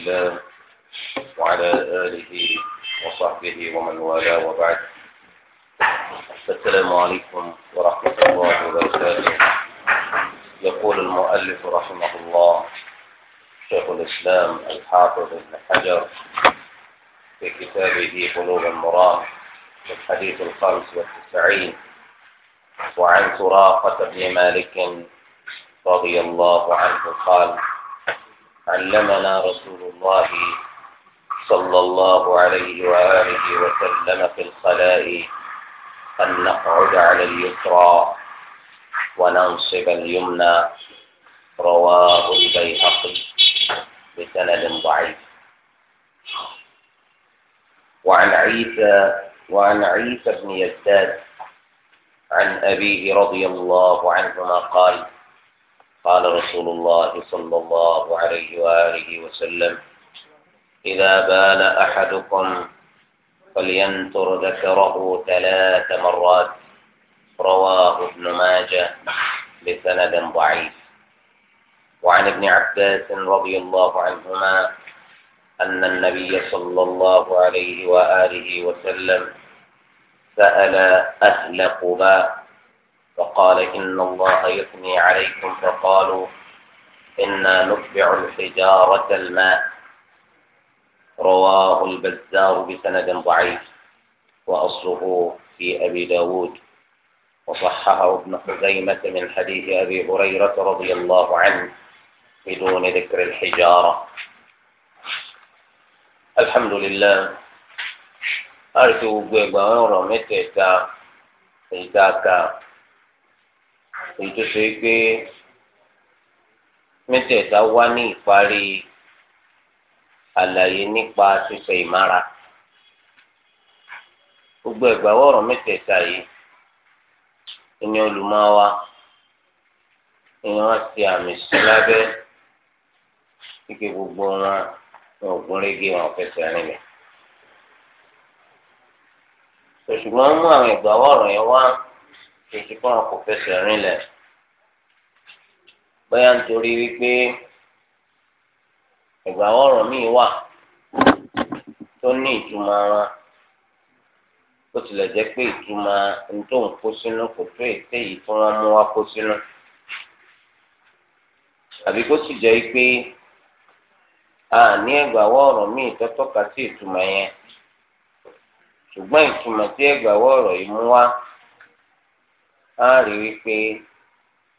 الله وعلى آله وصحبه ومن والاه وبعد السلام عليكم ورحمة الله وبركاته يقول المؤلف رحمه الله شيخ الإسلام الحافظ ابن حجر في كتابه قلوب المرام في الحديث الخامس والتسعين وعن سراقة بن مالك رضي الله عنه قال علمنا رسول الله صلى الله عليه وآله وسلم في الخلاء أن نقعد على اليسرى وننصب اليمنى رواه البيهقي بسند ضعيف وعن عيسى وعن عيسى بن يزداد عن أبيه رضي الله عنهما قال قال رسول الله صلى الله عليه وآله وسلم إذا بال أحدكم فلينتر ذكره ثلاث مرات رواه ابن ماجه بسند ضعيف وعن ابن عباس رضي الله عنهما أن النبي صلى الله عليه وآله وسلم سأل أهل قباء وقال إن الله يثني عليكم فقالوا إنا نتبع الحجارة الماء رواه البزار بسند ضعيف وأصله في أبي داود وصححه ابن خزيمة من حديث أبي هريرة رضي الله عنه بدون ذكر الحجارة الحمد لله أرجو بأمر متى إذا èyí tó ṣe pé mẹ́tẹ̀ẹ̀ta wá ní ìparí àlàyé nípa ṣíṣe ìmára gbogbo ẹgbàáwọ ọ̀rọ̀ mẹ́tẹ̀ẹ̀ta yìí ẹni olùmọwa ẹni wọn ti àmì sí lábẹ́ kíkẹ́ gbogbo wọn wọn ò gúnrégé wọn ò fẹsẹ̀ rinlẹ̀ ṣùgbọ́n mú àwọn ẹgbàáwọ yẹn wá ètò ìpọ́n kò fẹsẹ̀ rinlẹ̀. bóyá nítorí wípé ìgbà ọ̀rọ̀ mii wà tó ní ìtumọ̀ ara bó tilẹ̀ jẹ́ pé ìtumọ̀ ntó ń kó sínú kò tó ète tí wọ́n mú wá kó sínú àbí kó sì a ní ẹgbàáwọ̀ ọ̀rọ̀ mii tó sí ìtumọ̀ yẹn ṣùgbọ́n ìtumọ̀ tí ọrọ ọ̀rọ̀ yìí mú wá á rí wípé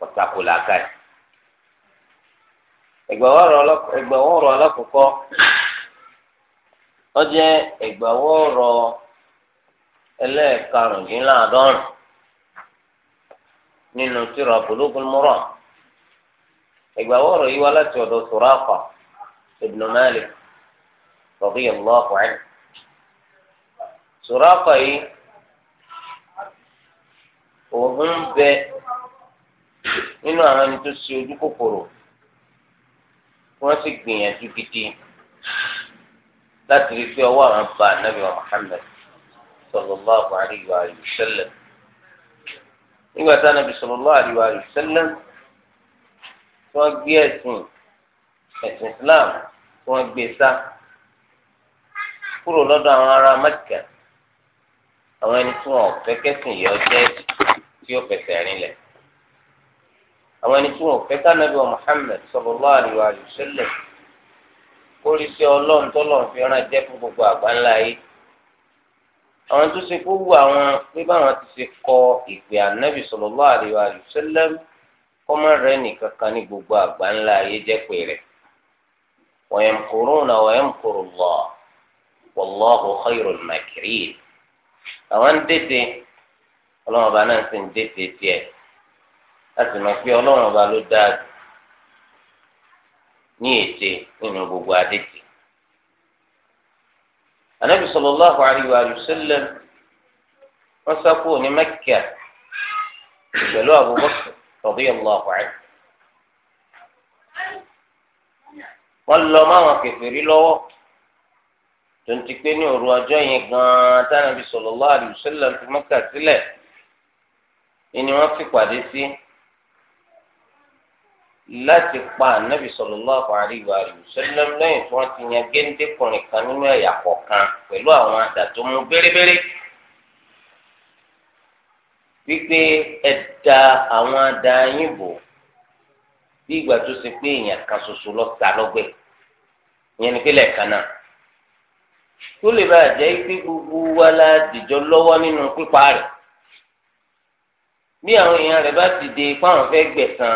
ọ̀tàkùlà ẹgbẹ̀wọ́n ọ̀rọ̀ alákọ̀ọ́kọ́ ó jẹ́ ẹgbẹ̀wọ́n ọ̀rọ̀ ẹlẹ́ẹ̀karùndínláàdọ́rùn nínú tírà Bulughul Maram ẹgbẹ̀wọ́n ọ̀rọ̀ yìí láti ọ̀dọ̀ Suraqa ibn Malik radiyallahu anhu Suraqa yìí òun ń bẹ nínú àwọn ẹni tó ṣe ojú kòkòrò. wọ́n sì gbìyànjú gidi láti rí pé ọwọ́ àwọn bá anábì Muhammad sallallahu alayhi wa sallam nígbà tí anábì sallallahu alayhi wa sallam tí wọ́n gbé ẹ̀sìn ẹ̀sìn Islam tí wọ́n gbé sá kúrò lọ́dọ̀ àwọn ará Mẹ́kà àwọn ẹni tí wọ́n fẹ́ kẹ́sìn yọ jẹ́ tí ó fẹsẹ̀ rinlẹ̀ àwọn ẹni tí wọn fẹ́ kánàbí wa Muhammad sallallahu alaihi wa sallam kórì sí Ọlọ́run tọ́lọ́run fi rán jẹ́ fún gbogbo àgbáńlá yìí àwọn tó ṣe kó wù àwọn pé báwọn ti ṣe kọ ìpè ànábì sallallahu alaihi wa sallam kọ́mọ rẹ nìkan kan ní gbogbo àgbáńlá yìí jẹ́ pé rẹ̀ wa yamkuruna wa yamkuru Allah wallahu khayrul makirin àwọn ń dètè ọlọ́run náà sì ń dètè tiẹ̀ láti mọ̀ pé ọlọ́run ọba ló dáa ní ète nínú gbogbo adéke. anabi sallallahu alayhi wa sallam wọn sá kúrò ní mẹ́kà pẹ̀lú Abubakar radiyallahu anhu. wọn lọ máwọn kèfèrí lọ́wọ́ tó ń ti pé ní òru ọjọ́ yẹn ganan tánàbí sallallahu alayhi wa sallam fi ni wọn fi pàdé sí. Si láti pa ànábì sallallahu alaihi wa sallam lẹ́yìn tí wọ́n ti yan géńdékùnrin kan nínú ẹ̀yà kọ̀ọ̀kan pẹ̀lú àwọn àdá tó mú bérebére wípé ẹ̀dá àwọn àdá yín bò bí ìgbà tó ṣe pé èèyàn kan ṣoṣo lọ ta lọ́gbẹ̀ ìyẹn ni pé lẹ́ẹ̀kan náà tó lè bá jẹ́ pé gbogbo wa la dìjọ lọ́wọ́ nínú pípa rẹ̀ bí àwọn èèyàn rẹ̀ bá ti de ipá fẹ́ gbẹ̀san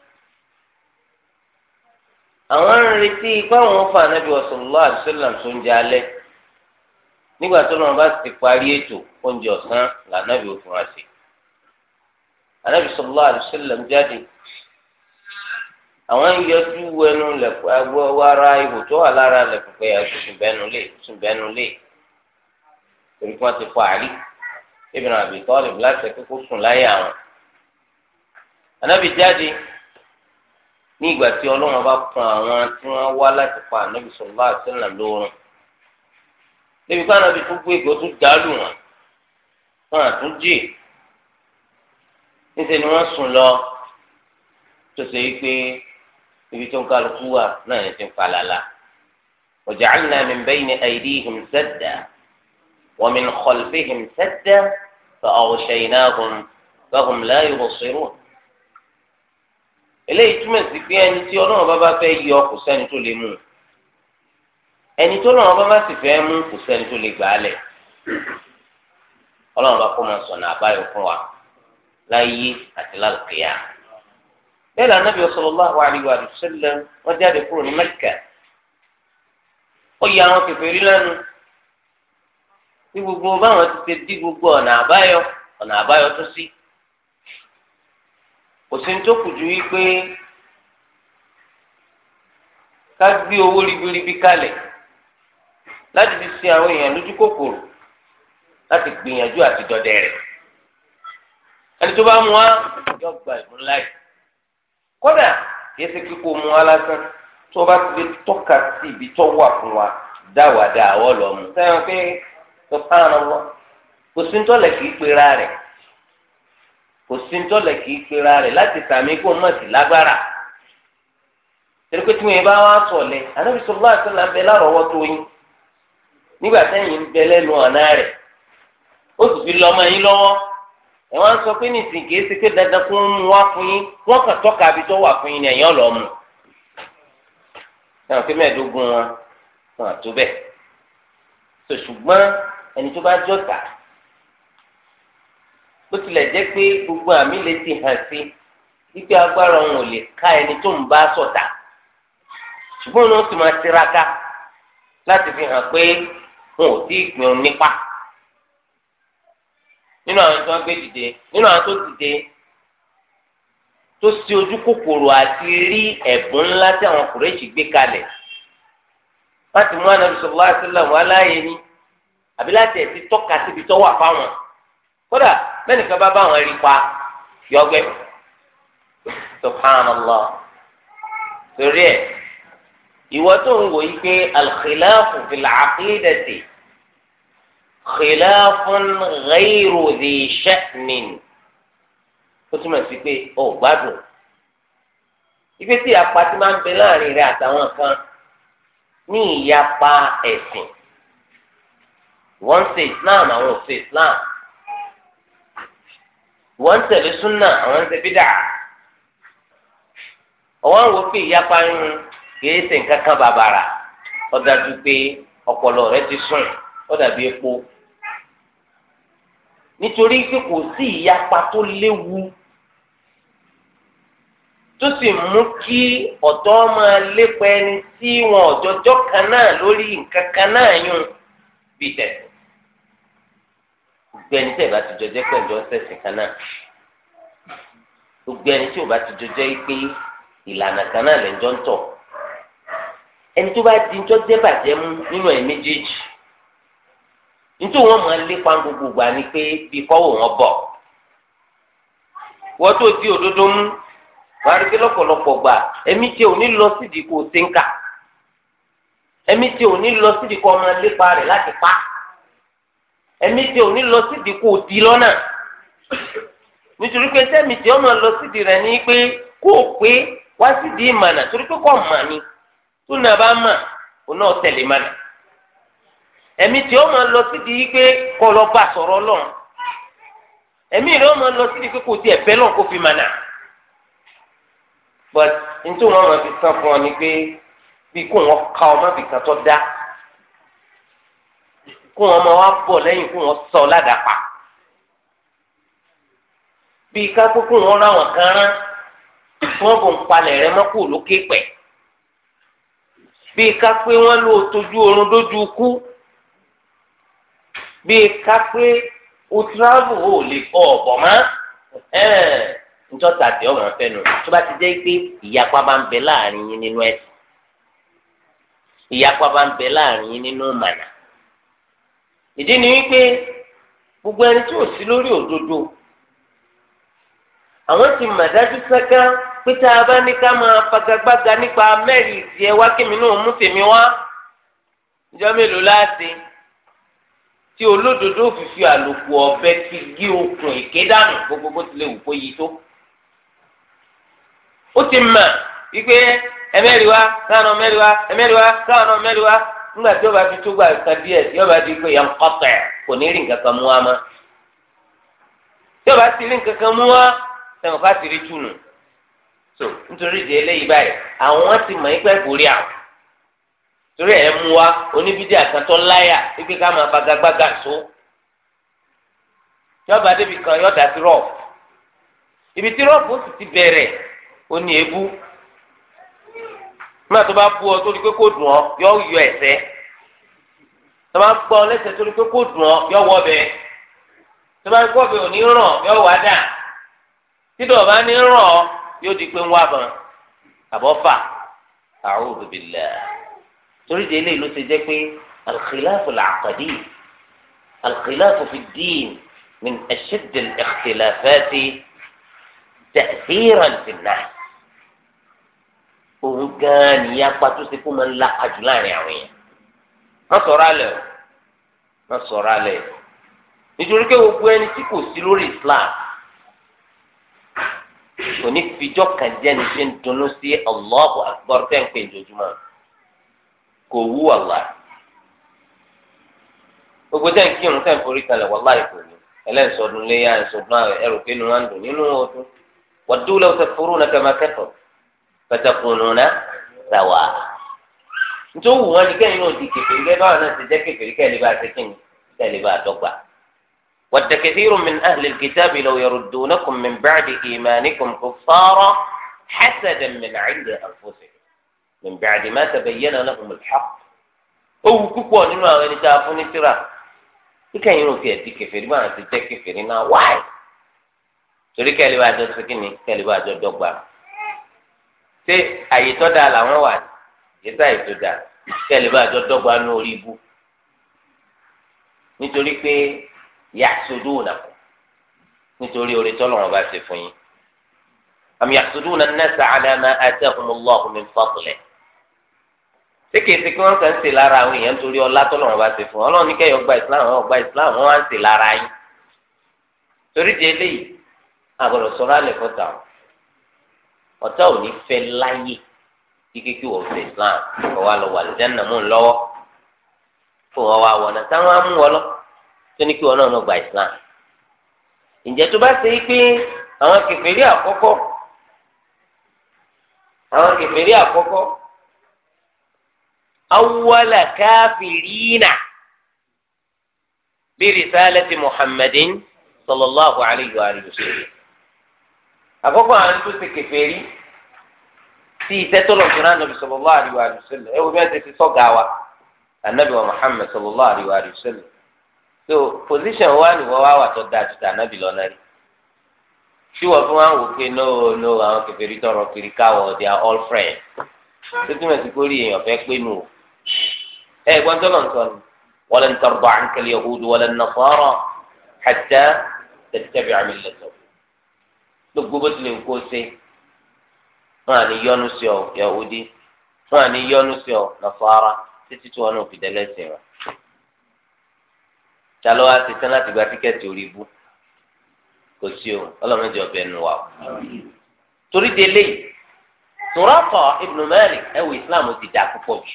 àwọn ń retí ipá wọn fa anabi sallallahu alaihi wasallam tó ń jẹ alẹ́ nígbà tó lọ́nà bá ti parí ètò oúnjẹ ọ̀sán lànàbì òfin wá sí anabi sallallahu alaihi wasallam jáde àwọn ń yọjú wẹnu lẹ̀kọ́ agbọ́ wàrà ihò tó wà lára lẹ̀kọ́ pé ẹ̀ sùn bẹ́nu lé sùn bẹ́nu lé torí kí wọ́n ti fa àrí Ibn Abi láti ẹ̀kọ́ kó sùn láyé àwọn anabi jáde ní ìgbà tí ọlọ́run bá kan àwọn tí wọ́n wá láti pa ànábì sọ̀rọ̀ àtẹ̀là lóorun débi ká ànábì tó gbé ìgò tó dàálù wọn wọn àtún jì níṣẹ́ ni wọ́n sùn lọ tó ṣe é pé ibi tó ń kálukú wà náà ní ti ń falala waja'alna min bayni aydihim sadda wa min khalfihim sadda fa aghshaynahum fahum la yubsirun eléyìí túmọ̀ sí pé ẹni tí ọlọ́run bá bá fẹ́ yọ kò sẹ́ni tó lè mú un ẹni tó lọ́run bá bá sì fẹ́ mú kò sẹ́ni tó lè gbà á lẹ̀ ọlọ́run bá kó máa sọ̀nà àbáyọ fún wa láyé àti lálùkìyà bẹ́ẹ̀ ni anábìyọ sallallahu alaihi wa sallam wọ́n jáde kúrò ní Mẹ́kà ó yẹ àwọn kèfèrí lẹ́nu bí gbogbo báwọn ti ti di gbogbo ọ̀nà àbáyọ ọ̀nà àbáyọ tó sí òsì tó kù ju wípé ká gbé owó ribiribi kalẹ̀ láti fi ṣe àwọn èèyàn lójú kòkòrò láti gbìyànjú àti dọdẹ rẹ̀ ẹni tó bá mú wa yóò gba ìmúlá yìí kódà kìí ṣe kíkó mú wa lásán tó bá ti lè tọ́ka sí ibi tó wà fún wa dáwàá dáwọ́ lọ́mú sẹ́yìn pé tó fáwọn ọmọ kò sí ń tọ́lẹ̀ kìí pera rẹ̀ kò sí ń tọ́lẹ̀ kì í pera rẹ̀ láti sàmì kó mọ̀ sí lágbára torí pé tí wọn bá wá sọ̀lẹ̀ Ànábì sallallahu alaihi wasallam ń bẹ lárọ̀ọ́wọ́tó yín nígbà sẹ́yìn ń bẹ lẹ́nu ọ̀nà rẹ̀ ó sì fi lọ́mọ yín lọ́wọ́ ẹ̀ wọ́n sọ pé nìsín kìí ṣe pé dandan kó ń wá fún yín wọ́n kàn tọ́ka àbí tó wà fún yín ni ẹ̀yìn ọ̀lọ́ mu ẹ̀wọ̀n pé mẹ́ẹ̀ẹ́dógún wọn wọn àtó bó tilẹ̀ jẹ́ pé gbogbo àmì lè ti hàn sí wípé agbára òun ò lè ká ẹni tó ń bá sọ̀tà ṣùgbọ́n o sì máa tiraka láti fi hàn pé òun ò tí ì òun nípa nínú àwọn tó ń gbé dìde nínú àwọn tó dìde tó ṣe ojú kòkòrò àti rí ẹ̀bùn ńlá tí àwọn kùrẹ́ẹ̀sì gbé kalẹ̀ láti mú ni àbí láti ẹ̀ ti tọ́ka tó mẹ́nìkan bá bá àwọn ẹ̀rí pa yọgbẹ́ subhanallah torí ẹ̀ ìwọ tó ń wò yí pé alxilafu fil aqidati xilafun ghayru dhi sha'nin ó túmọ̀ sí pé ó gbádùn ibi tí apati máa ń bẹ láàrin rẹ àtàwọn kan ní ìyapa ẹ̀sìn wọ́n ṣe islam àwọn ò ṣe islam wọ́n tẹ̀lé súnà àwọn tẹ̀lé ṣe bídà ọwọ́n wo pé ìyapa inú kìí ṣe nǹkan bàbàrà ó pé ọ̀pọ̀lọ̀ rẹ ti sùn ó epo nítorí pé kò sí ìyapa tó léwu tó sì mú kí ọ̀dọ́ máa lépa ẹni tí wọn gbogbo ẹni tẹ́ ẹ bá ti jọ jẹ́ pẹ̀lú ọ̀sẹ̀sìn kan náà gbogbo ẹni tí ò bá ti jọ jẹ́ pé ìlànà kan náà lè ń jọ ń tọ̀ ẹni tó bá di ń jọ jẹ́ mú nínú ẹ̀ méjèèjì nítorí wọn máa ń lépa gbogbo gbà ni pé bí kọ́wọ́ wọn bọ̀ wọ́n tó di òdodo mú wàá rí lọ́pọ̀lọpọ̀ gbà ẹ̀mí tí ò ní lọ sídìí kò sí ẹ̀mí tí ò ní lọ sídìí kò máa lépa rẹ̀ láti pa á. Emiti tí ò ní lọ sídìí di lọ́nà nítorí pé sẹ́mi tí ọmọ lọ sídìí rẹ̀ ní pé kó o pé wá sídìí ìmànà torí pé kò mà ní tó nà bá mà ò náà tẹ̀lé mànà ẹ̀mí tí ọmọ lọ sídìí pé kó lọ bá sọ̀rọ̀ lọ́n ẹ̀mí rẹ̀ ọmọ lọ sídìí pé kò tiẹ̀ bẹ́ lọ́n kó fi mànà but nítorí wọn máa fi fún ọ ni pé bí kò ka ọ kó wọn máa wá bọ̀ lẹ́yìn kó wọn sọ ládàpà bí kákókó wọn ráwọn kan rán wọn kò ń rẹ pẹ̀ bí pé wọn lò tójú oorun dójú kú bí pé o tíráàbù ò lè kọ ọ̀bọ̀ mọ́ njọ́ tàdé tó bá ti pé ìyapa bá ń bẹ láàrin yín nínú ìyapa ìdí ni wípé gbogbo ẹni tí ò sí lórí òdodo àwọn ti mà dájú sẹ́kẹ́ pé tá a bá ní ká máa fagagbága nípa mẹ́rin ìdí ẹ wá kémi náà mú tèmi wá ìjọ mélòó láti tí olódodo fi fi àlòkù ọ̀bẹ ti gé okùn èké dànù gbogbo bó tilẹ̀ wù kó yí tó ó ti mà wípé ẹmẹ́rìí wá káànà mẹ́rìí wá ẹmẹ́rìí wá káànà mẹ́rìí wá nígbà tí bá fi tó gba ìka díẹ̀ tí ọba di pé yẹn kò ní rí nǹkan kan mú wa mọ́ tí ọba ti rí nǹkan kan mú wa sẹ́wọ̀n ká ti rí túnú so nítorí ìdí eléyìí báyìí àwọn ti mọ̀ ipẹ́ borí àwọn torí ẹ̀ mú wa láyà wípé ká máa so tí ọba débi kan sí ibi tí sì ti bẹ̀rẹ̀ nígbà tó bá bu ọ tó di pé kó dùn ọ yọ yọ ẹsẹ̀ tó bá gbọ ọ lẹ́sẹ̀ tó di pé kó dùn ọ yọ wọ bẹ tó bá gbọ bẹ òní ràn yọ wà dà tídọ̀ bá ní ràn ọ yóò di pé ń wá bàn àbọ̀ fà torí de eléyìí ló ti jẹ́ pé al-khilafu al fi ad min ashadd al-ikhtilafati ta'thiran fi an òun gan nìyá pàtó ṣe kó máa ń la àjù láàrin àwọn èèyàn má sọ̀rọ̀ alẹ̀ o má sọ̀rọ̀ alẹ̀ o nítorí pé gbogbo ẹni tí kò sí lórí Islam kò ní fijọ́ kan jẹ́ ni ṣe ń dunnú sí Allahu Akbar tẹ́ ń pè jojúmọ́ kò wú wàlá gbogbo tẹ́ ń kírun tẹ́ ń forí kalẹ̀ wàlá ìkò ní ẹlẹ́sọ̀dún léyà ẹ̀sọ̀dún ẹ̀rù pé ni wọ́n ń dùn nínú ọdún wàdúrà ọ̀sẹ̀ fúrú nàkàmà فتكونون سواء nítorí wù wọn ni kẹ́yìn náà di kẹfìrí kẹ́ báwọn náà ti jẹ́ kẹfìrí kẹ́ lè bá ṣe kí ni kẹ́ lè bá dọ́gba. ود كثير من أهل الكتاب لو يردونكم من بعد إيمانكم كفارا حسدا من عند أنفسهم من بعد ما تبين لهم الحق ó wù púpọ̀ nínú àwọn ẹni tá a fún ní tíra tí kẹ́yìn náà fi ẹ̀ di kẹfìrí báwọn ti jẹ́ kẹfìrí náà wáyé torí kẹ́ lè bá jọ ṣe kí ni kẹ́ lè bá jọ dọ́gba. ṣé àyè tó dáa làwọn wà ní ìgbésẹ̀ àyè tó dáa kẹ́lẹ́ bá jọ dọ́gba ní orí ibú nítorí pé yàtúndú nà kù nítorí orí tọ́lọ́wọ́n bá ṣe fún yín àmì yàtúndú nà nẹ́sà àdàmà àti ẹ̀kúnmọ́lọ́ọ̀kú mi fọ́pùlẹ̀ ṣé kìí ṣe kí wọ́n kàn ń ṣe lára àwọn èèyàn torí ọlá tọ́lọ́wọ́n bá ṣe fún ọlọ́run kẹ́yọ̀ gba ìsìláàmù wọn gba ìsìláàmù wọn wá ń ṣe lára yín torí di eléyìí àgọ̀dọ̀ sọ̀rọ̀ àlẹ́ fọ́ta wọn ọ̀tá ò ní fẹ́ láyè kíkí kí wọ́n fẹ́ islam kọ́ wa lọ wà lùdánù mú un lọ́wọ́ fún wọn wá wọnà táwọn á wọn lọ tó ní kí wọn náà lọ gba islam ǹjẹ́ tó bá ṣe é pé àwọn kèfèrí àkọ́kọ́ àwọn kèfèrí àkọ́kọ́ awwala kafirina bi risalati muhammadin sallallahu alayhi wa sallam àkọ́kọ́ àwọn tó ṣe kèfèrí tí ìtẹ́tọ́lọ̀ fún anábì sallallahu alaihi wa sallam ẹ̀wọ̀n bẹ́ẹ̀ ti fi sọ́gà wa anábì wa Muhammad sallallahu alaihi wa sallam so position wa ni wọ́n wá wà tó dáa ju ti anábì lọ́nà rí tí wọ́n fún wa ń wò pé no no àwọn kèfèrí tọrọ kiri káwọ̀ they are all friends tó túmọ̀ sí kórìí èèyàn fẹ́ pé nù ẹ̀ gbọ́n tọ́lọ̀ ń sọ ni walan tarda anka gbogbo bó tilẹ̀ kó se wọn à ní yọnu sí ọ Yahudi wọn à ní yọnu sí ọ Nasara títí tí wọn náà fi dẹ́lẹ́sìn rẹ talo wa ti tán láti gba tíkẹ́ẹ̀tì orí ibú kò sí o ọlọ́run jẹ́ ọbẹ̀ nù wa o. torí délé Suraqa ibn Malik ẹ̀wọ̀ islam ti dà púpọ̀ jù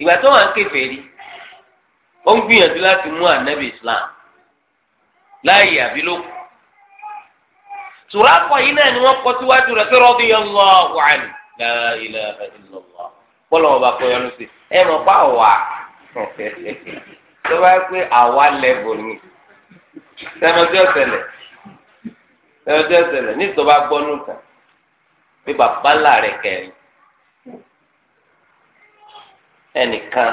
ìgbà tó wà ń kèfèrí ó ń gbìyànjú láti mú ànábì islam láàyè àbí lóko sùràkọ yìí náà ni wọ́n kọ síwájú rẹ̀ pé radiyallahu anhu la ilaha illallah bọ́lá wọn bá kọ yọnu sí ẹ mọ̀ pa àwa tó bá pé àwa lẹ́bù ni sẹ́mọ̀tì ọ̀sẹ̀lẹ̀ sẹ́mọ̀tì ọ̀sẹ̀lẹ̀ ní bá gbọ́ nùkà bí bàbá ńlá kẹrin ẹnìkan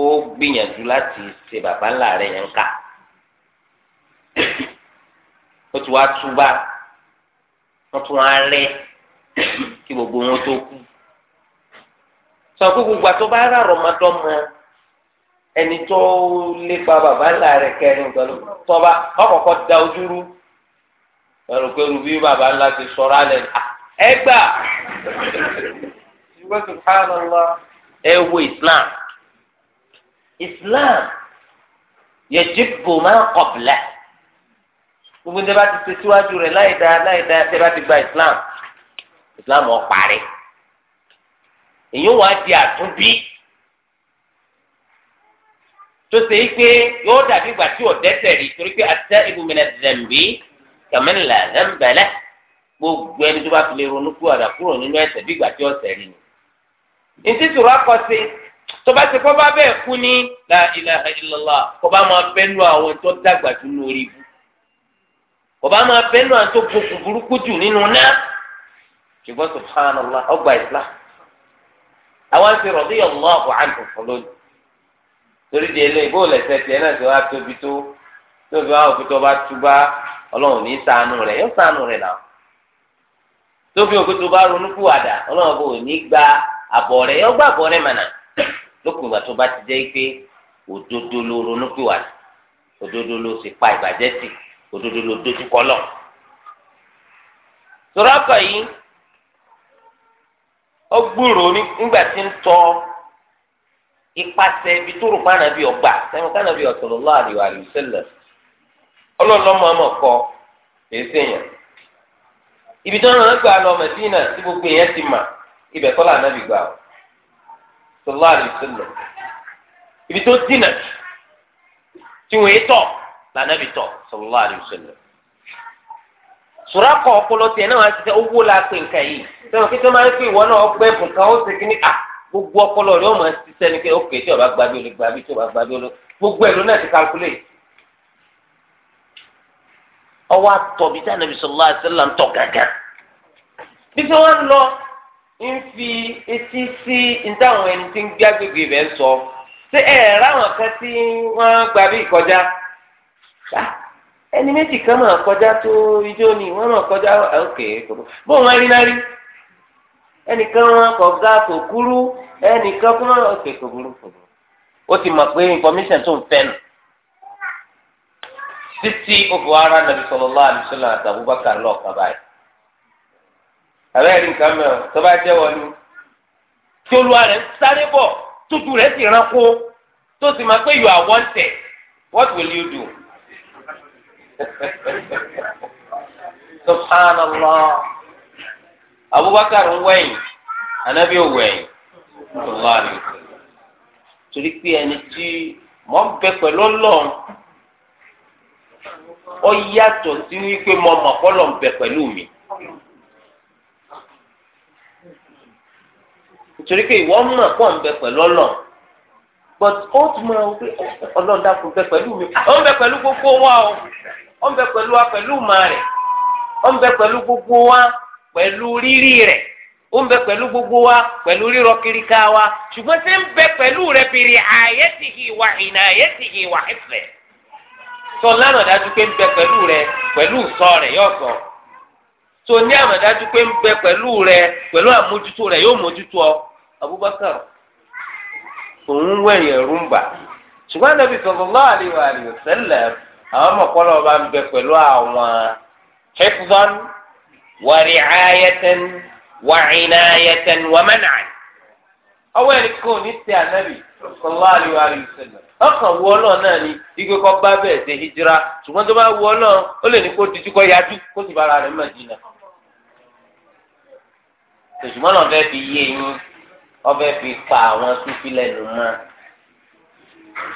ó gbìyànjú láti ṣe bàbá ńlá yẹn ká ó ti wá túbà wọ́n tún wá rẹ́ kí gbogbo wọn tó kú. sọ pé gbogbo àti ọba ara rọmọdọ́mọ ẹni tó lépa bàbá ńlá rẹ̀ kẹrin pẹ̀lú tọ́ba ọkọ̀ọ̀kọ̀ da ojú rú pẹ̀lú pé rubí bàbá ńlá ti sọ̀rọ̀ alẹ́ ẹ gbà ṣùgbọ́n subhanallah ẹ wo islam islam yẹ jíìpù máa ń kọ̀bìlẹ̀ gbogbo tẹ́ bá ti ṣe síwájú rẹ̀ láì dáa láì dáa tẹ́ bá ti gba islam islam ó parí èyí wàá di àtúnbí tó ṣe é pé yóò dàbí ìgbà tí ọ̀dẹ́sẹ̀ rí torí pé àtẹ ìbùmínà zẹ̀mbí kàmínlá zẹ̀mbẹ̀lẹ̀ gbogbo ẹni tó bá fi lè ronú kú ọ̀dà kúrò nínú ẹ̀ṣẹ̀ bí ìgbà tí ọ̀sẹ̀ rí ni. ntí sòrò akọ́sí tó bá ti kọ́ bá bẹ́ẹ̀ kú ní la ilaha illallah kó bá máa bẹ́nu àwọn tó dàgbà tó lórí ibú. ọba máa bẹ nù àti òkùnkù burúkú jù nínú náà ṣùgbọ́n subhanallah ọgbà islam àwọn ti radiyallahu anhu fún lónìí torí di eléyìí bó lẹsẹ tiẹ̀ náà ti wá tóbi tó tóbi wá túbá ọlọ́run ní ṣàánú rẹ̀ yóò ṣàánú rẹ̀ náà tóbi ọlọ́run kò ní gba àbọ̀ rẹ̀ yóò àbọ̀ rẹ̀ mọ̀nà lókùn ìgbà tó bá ti jẹ́ pé òdodo ló òdodo ló sì pa ìbàjẹ́ sí i. òdodo ló dojú kọ lọ. ọ yìí ó gbúrò nígbà tí ń tọ ipasẹ̀ ibi tó rò kánàbí ọgbà sẹ́mi kánàbí sallallahu alaihi wasallam ọmọ kọ ibi tó ń rán gbà lọ Mẹdínà tí gbogbo èèyàn ti mà ibẹ̀ gbà ó ibi tó dínà tí yé lànàbì tọ̀ sallallahu alaihi wasallam. sùràkọ̀ ọpọlọ tiẹ̀ náà wá ti sẹ́ owó la pè nǹkan yìí sẹ́wọ̀n kí sẹ́ máa ń pè ìwọ náà ọgbẹ́ nǹkan ó ṣe kíní à gbogbo ọpọlọ rẹ̀ ó máa ti sẹ́ ni pé ókè tí ọba gbabi olè gbabi tí ọba gbabi olè gbogbo ẹ̀ ló náà ti kalkulé. ọwọ́ àtọ̀bí tí ànàbì sallallahu alaihi wasallam ń tọ̀ gàgà. bí sẹ́ wọ́n lọ ń fi etí sí ìdáhùn ẹni tí ń gbé agbègbè rẹ̀ sọ ṣé ẹ̀ẹ́dáwọn kan tí wọ́n gbabi ìkọjá Ah, ẹni méjì kan máa kọjá tó ijó ni wọ́n máa kọjá ah, ok bó wọn rí náà rí ẹnìkan wọn kọ gá kò kúrú ẹnìkan kúrú ok kò burú ó ti mọ̀ pé information tó ń fẹ́ nù títí òfò ara nàbí sallallahu Abubakar lọ́ọ̀kan báyìí àbẹ́rẹ́ nǹkan mẹ́rin tó bá jẹ́ wọlé tí olúwa rẹ̀ sáré bọ̀ tójú rẹ̀ sì ránkó tó sì máa pé you are wanted what will you do? subhanallah abubakar ń wẹ̀yìn anabi ò wẹ̀yìn sallallahu alaihi wasallam torí pé ẹni tí mọ̀ ń bẹ pẹ̀lú ọlọ́run ó yàtọ̀ sí wípé mo mọ̀ kọ́lọ̀ ń bẹ pẹ̀lú mi. nítorí pé ìwọ mọ̀ kọ́ ń bẹ pẹ̀lú ọlọ́run but ó tún mọ̀ ọ́ pé ọlọ́run dákun bẹ pẹ̀lú mi ó ń bẹ pẹ̀lú gbogbo wa o. ó ń bẹ pẹ̀lú wa pẹ̀lú ìmọ̀ rẹ̀ ó ń bẹ pẹ̀lú gbogbo wa pẹ̀lú rírí rẹ̀ ó ń bẹ pẹ̀lú gbogbo wa pẹ̀lú rírọ kiri wa ṣùgbọ́n ṣé ń bẹ pẹ̀lú rẹ̀ bìrì àyẹ́tìhì wà ìnà àyẹ́tìhì wà ìfẹ́ tó lánàá dájú pé ń bẹ pẹ̀lú rẹ̀ pẹ̀lú sọ rẹ̀ yóò sọ tó ní àmọ̀dájú pé ń àwọn mọ̀kọ́lọ́ ọba ń bẹ pẹ̀lú àwọn hifzan wa ri'ayatan wa 'inayatan wa ọwọ́ ẹni kò ní ti ànábì sallallahu alaihi wa sallam ọkàn wọ ọlọ́ọ̀ náà ni ike kọ́ bá bẹ́ẹ̀ ṣe hijira ṣùgbọ́n tó bá wọ ọlọ́ọ̀ ó lè ní kó dijú kọ́ yájú kó sì bára rẹ̀ Mẹdínà. tòṣùmọ́ náà fẹ́ fi yé yín ọbẹ̀ fi pa àwọn súnfìlẹ̀ nù mọ́.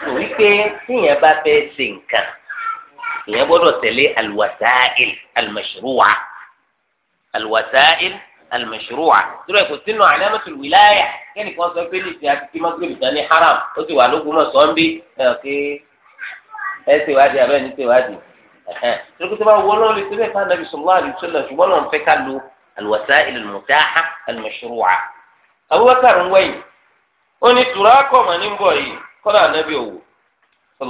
sòwí tíyẹn bá fẹ́ ṣe ìyẹn gbọ́dọ̀ tẹ̀lé alwasail almashruwa alwasail almashruwa tura ẹ kò sínú alamatul wilaya kẹ́nìkan sọ pé nìsín àti kí mọ́tòlì tán ní haram ó ti wà lógun náà sọ́ńbí ẹ ṣèwádìí abẹ́ ní ṣèwádìí tókè tó bá wọ náà lè tẹ́lẹ̀ fún anabi sallallahu alaihi wasallam ṣùgbọ́n náà ń fẹ́ ká lo alwasail almutaha almashruwa abubakar ń wẹ̀yìn ó ní tura kọ̀ ní bọ̀ yìí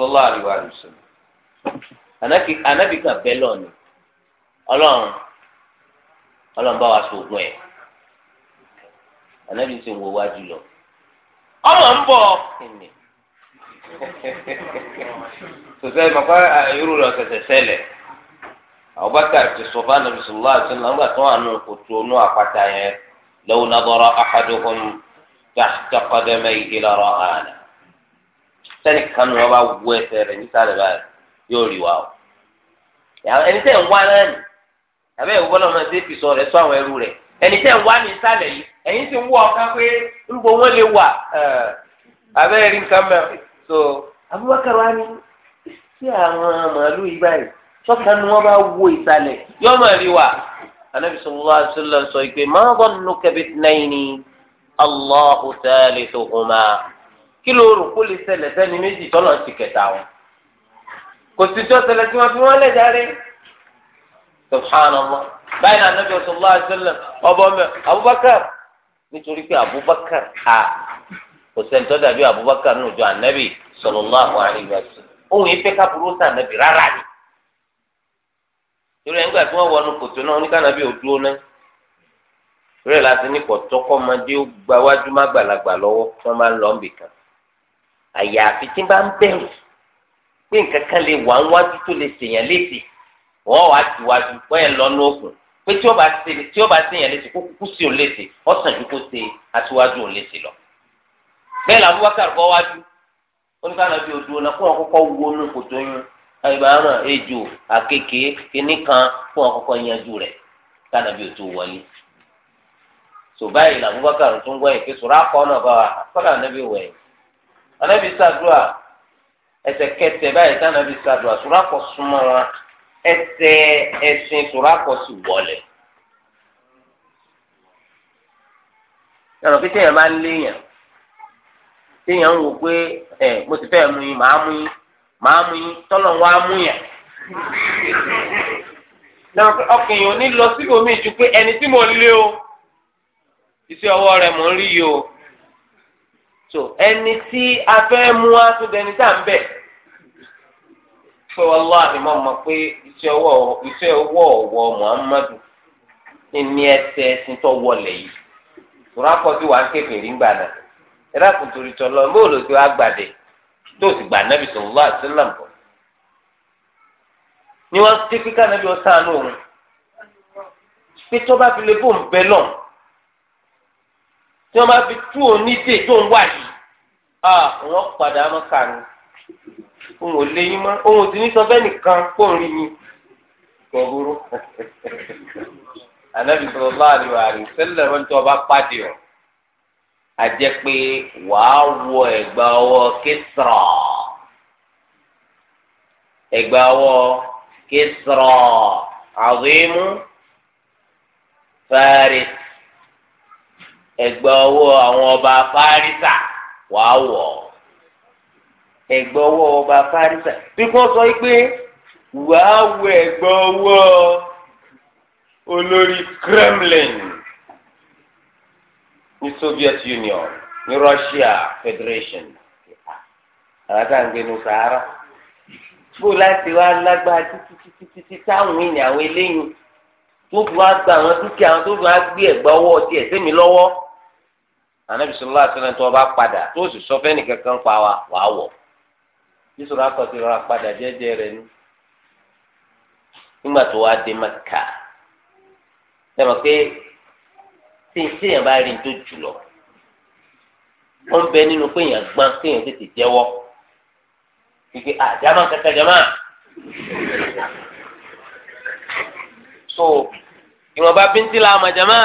kọ́ anabi anabi kan bẹ lọni Ọlọ́run Ọlọ́run bá wa sògùn ẹ anabi ṣe wo wájú lọ ọmọ ń bọ ẹnì sọsẹ mọkà irú rẹ ọsẹsẹ ṣẹlẹ̀ Abubakar ti sọ fún anabi sọlá àti nàgbà tó wà nù kòtò nù àpáta yẹn lọ́wọ́ nàdọrọ ahaduhum tahta qadamayhi la sẹni kanu wọn bá wú ẹsẹ̀ rẹ̀ nísàlẹ̀ báyìí yóò rí wa o ẹni tẹ́ ń wá náà nì àbẹ́ ìwọ bọ́lá ọmọdé fi sọ rẹ̀ sọ àwọn ẹrú rẹ̀ ẹni tẹ́ ń wá ní ìsàlẹ̀ yìí ẹ̀yin ti ń wọ ọ̀kan pé níbo wọ́n lè wà àbẹ́ rí nǹkan mẹ́ so Abubakar wa ni sí àwọn màálù yìí báyìí sọ́kàn ni wọ́n bá wo ìsàlẹ̀ yọ́ mọ̀ rí wa anabi sallallahu alaihi wasallam sọ ìpè ma dhannuka bithnayni Allahu thalithuhuma kí ló rò kó lè ṣẹlẹ̀ sẹ́ni méjì tọ́lọ̀ ti kẹta wọn. kòsìtò sí tí ó fi wọ́n jáde báyìí náà ọbọ mẹ abubakar nítorí pé abubakar a kò sẹ́ni dàbí abubakar nù jọ ànábì sallallahu alaihi wasallam ohun yìí fẹ́ ká burú sí rárá ni torí tí wọnú kòtò náà náà láti ní má gbàlagbà kan pé nǹkan kan lè wà wájú tó lè ṣèyàn wa wọ́n wá ti wájú wọ́n yẹn lọ ní òkun pé tí ó bá ṣe tí ó bá ṣèyàn léṣe kó kúkú sí òun ó sàn ju kó aṣíwájú òun lọ. bẹ́ẹ̀ Abubakar kọ́ wájú oníkànnà bíi odò náà fún ọkọ̀kọ́ wo inú kòtò yún àyùbáràn ejò àkekè kínní kan fún ọkọ̀kọ́ yanjú rẹ̀ kànnà bíi òtò wọlé. pé náà bá ẹsẹ̀kẹsẹ̀ báyìí tí anabi sàdùà sùràkọ súnmọ́ wọn ẹsẹ̀ ẹsìn sùràkọ sì wọlé. yàrá pété yẹn bá léèyàn téèyàn ń wò pé ẹ mo ti fẹ́ mú yín màá mú yín màá mú yín tọ́lọ̀ wọn á mú yàn. ọkàn yìí ò ní lọ síbòmíì ju pé ẹni tí mo lé o iṣẹ́ ọwọ́ rẹ̀ mò ń rí yìí o. so ẹni tí a fẹ́ mú a tó dẹni tá à ń bẹ̀ pé wàláhì mọ̀ mọ̀ pé iṣẹ́ ọwọ́ muhammadu ní ẹsẹ̀ ẹ̀sìn wọlé yìí tòrákọ tí wàá kékeré ń náà ẹ dákun tọ́ lọ bóòlù tí wàá gbàdé tó sì gbà nábì ni wọ́n ti fi ká ọ̀sán àánú òun pé fi tí wọ́n bá fi tú onídè tó ń wà yìí wọ́n padà mọ́ kànú òun ò léyìn mọ́ òun ò sì ní sọ bẹ́ẹ̀ nìkan kó ń rí yín gbọ̀gbọ́rọ́ anabi sallallahu alaihi wa sallam wọn tí wọ́n bá pàdé ọ a jẹ́ pé wàá wọ ẹ̀gbà ọwọ́ Kisra ẹ̀gbà ọwọ́ Kisra azimu Faris ẹgbẹ ọwọ́ àwọn ọba fárísà wàá wọ ẹgbẹ ọwọ́ ọba fárísà bí kò sọ pé wàá wọ ẹgbẹ ọwọ́ olórí Kremlin ní Soviet Union ní Russia Federation àwọn tá à ń gbé nu sahara fún láti wá lágbára títí títí títí táwọn èèyàn àwọn eléyìí tó bu wá gba àwọn dúkìá àwọn tó bu wá gbé ẹgbẹ ọwọ́ tiẹ̀ sẹmi lọ́wọ́ anabi sọlá àtúnlẹ̀ tó ọba padà tó sì sọ fẹ́ni kankan pa wa wàá wọ̀ yíṣọ́ra kọ́sí rọra padà jẹ́jẹ́ rẹ̀ ni nígbà tó wá dé mẹ́ka lẹ́mọ̀ pé tíyẹn yẹn bá rí tó jùlọ ó ń bẹ nínú pé èèyàn gbọ́n kéèyàn tètè jẹ́wọ́ kíkẹ́ àjàmá kankan jàmá so ìwọ̀nba bíntì la àmàjàmá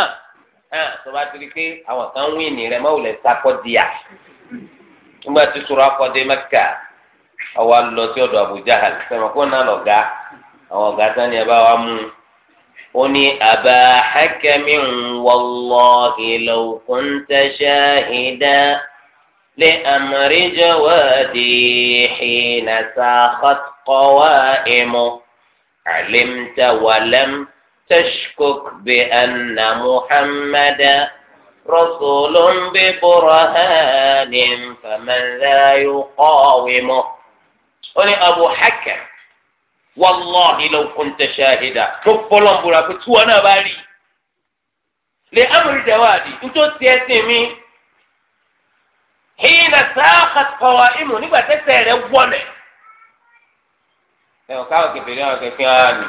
hàn tó bá ti rí pé àwọn kan wí ní rẹ mọ́wùlẹ̀ sakọ́díyà nígbà tí sọ̀rọ̀ akọ́dé mẹ́kà ọwọ́ alọ sí ọ̀dọ̀ Abu Jahal sẹ́wọ̀n kó náà lọ̀gá àwọn ọ̀gá sani ẹ̀ bá wa mú un ó ní àbá hakamin wallahi law kunta shahida lé amri jawadi hina saaqat qawaimu alimta walam. تشكك بأن محمدا رسول ببرهان فمن لا يقاومه قل أبو حكم والله لو كنت شاهدا فلان بولا فتوانا بالي لأمر جوادي تتوسيتي مي حين ساقت قوائمه نبقى تسير ومن ẹ̀wọ̀n káwọn kẹfẹ́ ní àwọn kẹfẹ́ nì.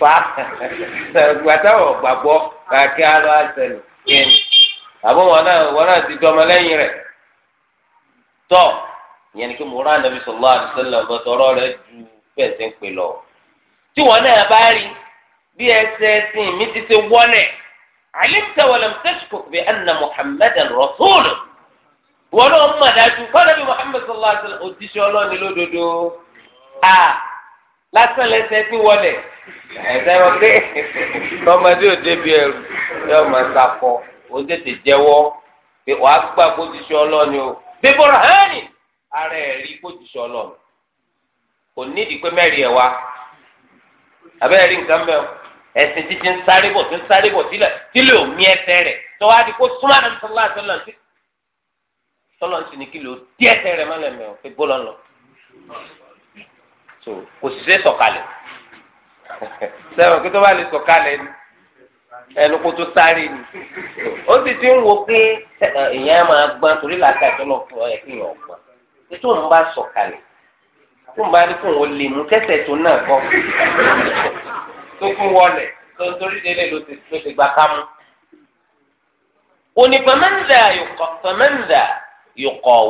fa gbàtàwọ̀ gbàgbọ́ kàkẹ́ alọ́ àtẹlẹ kéènì àbọ̀ wọn náà wọn náà ti dọ́mọ lẹ́yìn rẹ̀ tọ́ ìyẹn ni kí mo rán anabi sọlá àdìsẹ́lẹ̀ ọ̀bọ tọrọ rẹ ju bẹ́ẹ̀ ti ń pè lọ. tí wọn náà bá rí bí ẹsẹ̀ ẹsìn mi ti ṣe wọlẹ̀ alimta walam tashkuk bi anna muhammadan rasul wọn náà mọ̀ dájú fọlọ́bí muhammad sọlá àdìsẹ́lẹ̀ òjíṣẹ́ ọlọ́ọ̀ni lódodo lásán lẹsẹ fi wọlé ẹsẹ wọn pé ọmọdé òde bíi ẹrù yóò máa sàkọ ó tètè jẹ́wọ́ pé wàá gbà kójúṣe ọlọ́ni o débora hẹ́nì ara ẹ̀ rí kójúṣe ọlọ́ni kò nídìí pé mẹ́rin ẹ̀ wá abẹ́rẹ́ rí nǹkan mẹ́wọ́ ẹ̀sìn títí ń sáré bọ̀ tó ń sáré bọ̀ sílẹ̀ sílẹ̀ ò mí ẹsẹ̀ rẹ̀ tó wá di kó súnmọ́ àdàmú sọlá àtọ́lọ́ sí tọ́lọ́ sí ni kí ló dí ẹsẹ̀ rẹ̀ mọ́lẹ̀ mẹ́wọ́ pé gbọ́lọ́ lọ so kò sì ṣe sọ̀kalẹ̀ sẹ́wọ̀n kí tó bá lè sọ̀kalẹ̀ ni ẹnu kó tó sáré ni ó sì ti ń wo pé èèyàn máa gbọ́n torí làákà tó lọ fún ẹ kí èèyàn gbọ́n tí tó ń bá sọ̀kalẹ̀ tó ń bá ní kó wọn lè mú kẹsẹ̀ tó náà kọ́ tó fún wọlé tó ń torí délé ló ti ló ti gbà kámú. òní pẹ̀mẹ́ńdà yòkọ̀ pẹ̀mẹ́ńdà yòkọ̀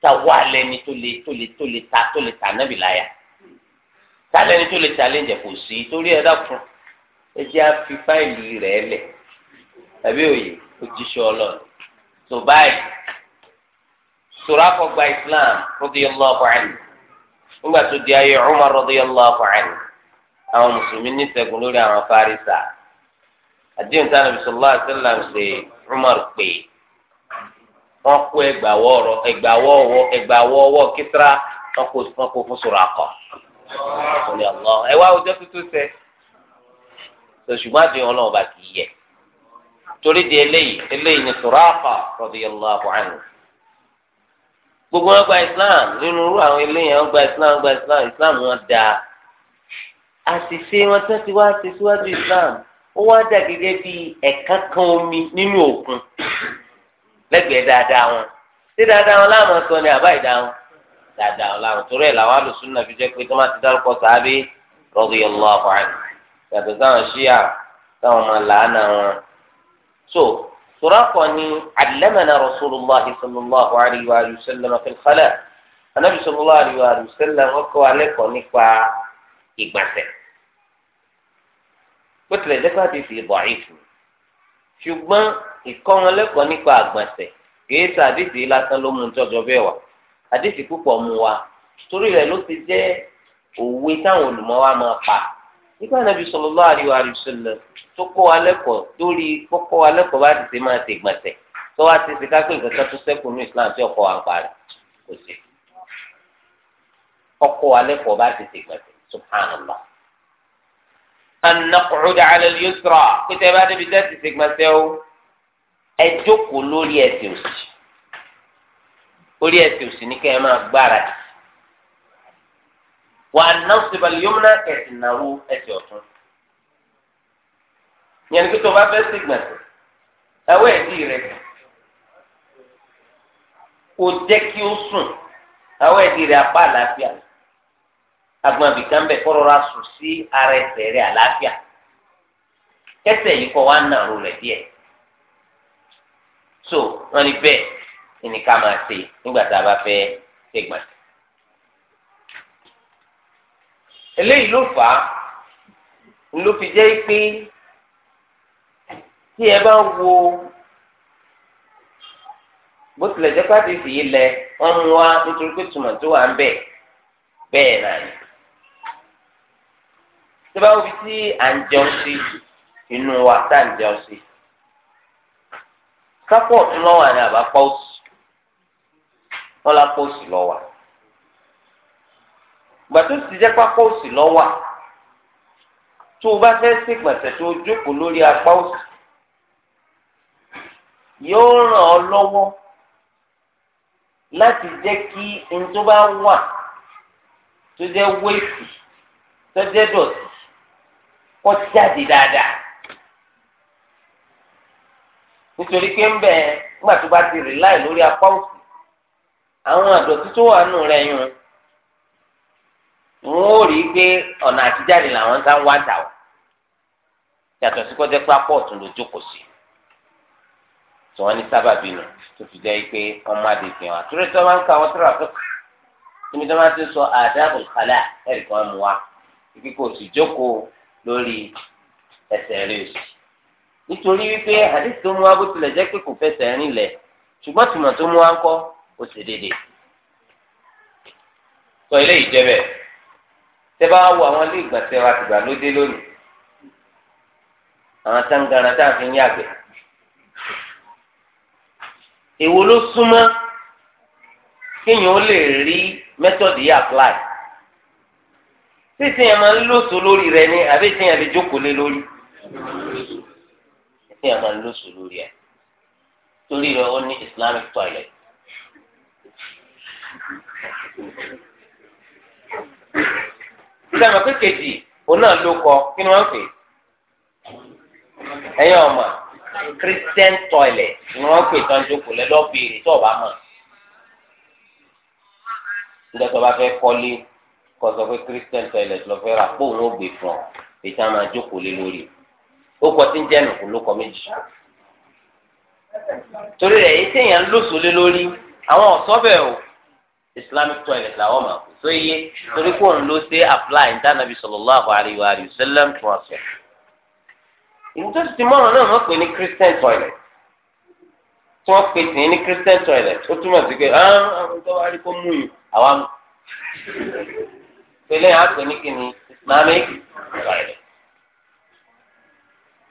ta wá lẹni tó lè tó lè tó lè ta tó lè ta nábì láyà ta lẹni tó lè ta lẹ́yìn kò sí torí ẹ dákun ẹ jẹ́ á fi fáìlì rẹ̀ lẹ̀ tàbí òye ojúṣe ọlọ́run tó báyìí sòràkọ̀gba islam radiyallahu anhu nígbà tó di ayé Umar radiyallahu anhu àwọn mùsùlùmí ní ṣẹ́gun lórí àwọn fárísà àdéhùn tánàbí sallallahu alaihi ṣe Umar pè é. wọ́n kó ẹgbàwọ́ ọ̀rọ̀ ọwọ ọwọ́ ẹgbàwọ́ kítra ọkụ kó wọ́n akọ. ẹ wá tuntun sẹ ṣùgbọ́n àdéhùn bá ti yẹ torí di eléyìí eléyìí ni Suraqa radiyallahu anhu gbogbo wọn gba islam nínú irú àwọn eléyìí wọn islam gba islam islam wọn da. àṣìṣe wọn ti islam ó wá dà bíi kan omi nínú òkun lẹ́gbẹ̀ẹ́ dáadáa wọn ṣé dáadáa wọn láwọn sọ ni àbá ìdá wọn dáadáa wọn láwọn torí ẹ̀ làwọn alùsùn náà fi jẹ́ pé tó máa ti dárúkọ sàábé radiyallahu anhu yàtọ̀ sáwọn ṣíà táwọn máa làánà wọn. so sùràkọ ni allamana rasulullahi sallallahu alayhi wa sallam fil khala anabi sallallahu alayhi wa sallam wọn alẹ́ kọ́ nípa ìgbàsẹ̀ bó tilẹ̀ dẹ́gbàdì fi bọ̀ ṣùgbọ́n ìkọ́ wọn lẹ́kọ̀ọ́ nípa àgbọ̀nsẹ̀ kìí sa àdìsí lásán ló mú un tọ́jọ́ bẹ́ẹ̀ wá àdìsí púpọ̀ mú wa torí rẹ̀ ló ti jẹ́ òwe táwọn olùmọ̀ wa máa pa nígbà nàbí sallallahu alaihi wa sallam tó kọ́ wa lẹ́kọ̀ọ́ lórí kọ́kọ́ wa lẹ́kọ̀ọ́ bá dìde máa ti gbọ̀nsẹ̀ tó wá ti ti kápẹ́ nǹkan tó sẹ́kù ní Islam tí ọkọ̀ wa ń parí kò sí ọkọ̀ wa lẹ́kọ̀ọ́ bá ti ti gbọ̀nsẹ̀ subhanallah an naq'uda 'ala al-yusra pété bá débi dá ti sègbàsẹ́ o ẹ jókòó lórí ẹsẹ̀ òsì lórí ẹsẹ̀ òsì ní kẹ́ ẹ máa gbára dì wà á ná síbalì yóò múná ẹsẹ̀ náwó ẹsẹ̀ ọ̀tún yẹn ní pété o bá fẹ́ sègbàsẹ́ ẹwọ́ ẹ̀dí rẹ̀ kò jẹ́ kí ó sùn ẹwọ́ ẹ̀dí rẹ̀ apá àlàáfíà agbọn abìkan bẹ kọrọ ra sùn sí ara ẹsẹ̀ rẹ̀ àlàáfíà kẹsẹ̀ yìí kọ wá nàró rẹ̀ díẹ̀ so wọn ni bẹ́ẹ̀ ní ká máa ṣe nígbà tá a bá fẹ́ ṣe gbàgbé eléyìí ló fà á ló fi jẹ́ pé tí ẹ bá wo bó tilẹ̀ jẹ́ pàtẹ́sì yìí lẹ wọ́n mú wa nítorí pé tùmọ̀ tó wà ń bẹ̀ bẹ́ẹ̀ náà ni tó bá wí sí à ń jẹun sí inú wa tá à ń jẹun sí sápọ̀ tún lọ́wọ́ àná àbá pọ́ọ̀sì wọ́n la pọ́ọ̀sì lọ́wọ́ gbàtó ti jẹ́ pápá òsì lọ́wọ́ tó o bá fẹ́ ṣègbọ̀nsẹ̀ tó o jókòó lórí apá òsì yóò ràn ọ́ lọ́wọ́ láti jẹ́ kí n tó bá wà tó jẹ́ wéèkì tó jẹ́ dọ̀tí kó jáde dáadáa nítorí pé ń bẹ nígbà tó bá ti rìláì lórí apá òsì àwọn àdọ̀tí tó wà nù yun wọn o rí i pé ọ̀nà àtijáde làwọn sá ń wá dà ó yàtọ̀ sí kọ́jẹ́ pápọ̀ tún ló jókòó sí tí wọ́n ní tó fi jẹ́ pé ọmọ adé fi hàn àtúrẹ́ tí wọ́n ka ti sọ àdáàbò kálá ẹ̀rí kan mú wa ibi lórí ẹsẹ̀ rẹ̀ òsì nítorí wípé hadith tó mú wa bó tilẹ̀ jẹ́ pé kò fẹsẹ̀ rìn lẹ̀ ṣùgbọ́n tìmọ̀ tó mú wa ń kọ́ ó sì dédé sọ ilé ìjẹ́bẹ̀ tẹ́ bá wo àwọn ilé ìgbọ̀nsẹ̀ wa tìgbà ló dé lónìí àwọn táǹgàrà tá a fi ń yàgbẹ́ èwo ló súnmọ́ kéèyàn ó lè rí mẹ́tọ̀dì yìí apply títí yẹn máa ń lóso lórí rẹ ni àbí tí yẹn lè jókòó lé lórí títí yẹn máa ń lóso lórí ẹ torí rẹ ó ní islamic toilet sílẹ̀mọ̀ kékeré òun náà ló kọ kí ni wọ́n pè ẹ̀yin ọmọ christian toilet ni wọ́n pè tán jókòó lẹ́ lọ́ọ́ béèrè tó o bá mọ̀ nígbà bá fẹ́ kọ́lé kọ sọ pé christian toilet lọ fẹ́ ra kóun ó gbé fún ọ ètò àwọn àjókòó lé lórí ó kọ tí ń jẹ́ nùkú ló kọ méjì torí rẹ̀ èyí téèyàn lóṣù lé lórí àwọn ọ̀sọ́ bẹ̀ o islamic toilet làwọn máa kú tó yé torí kóun ló ṣe apply ní tànàbí sallallahu alaihi wa sallam fún ọ̀sẹ̀ ìtòsí ti mọ́ràn náà wọ́n pè ní christian toilet tí wọ́n pè sí ní christian toilet ó túmọ̀ sí pé àwọn ah, ah, ọmọ tó wá rí kó mú yìí àwa mú pẹ̀lẹ́ yà á pè ní kíni islamic toilet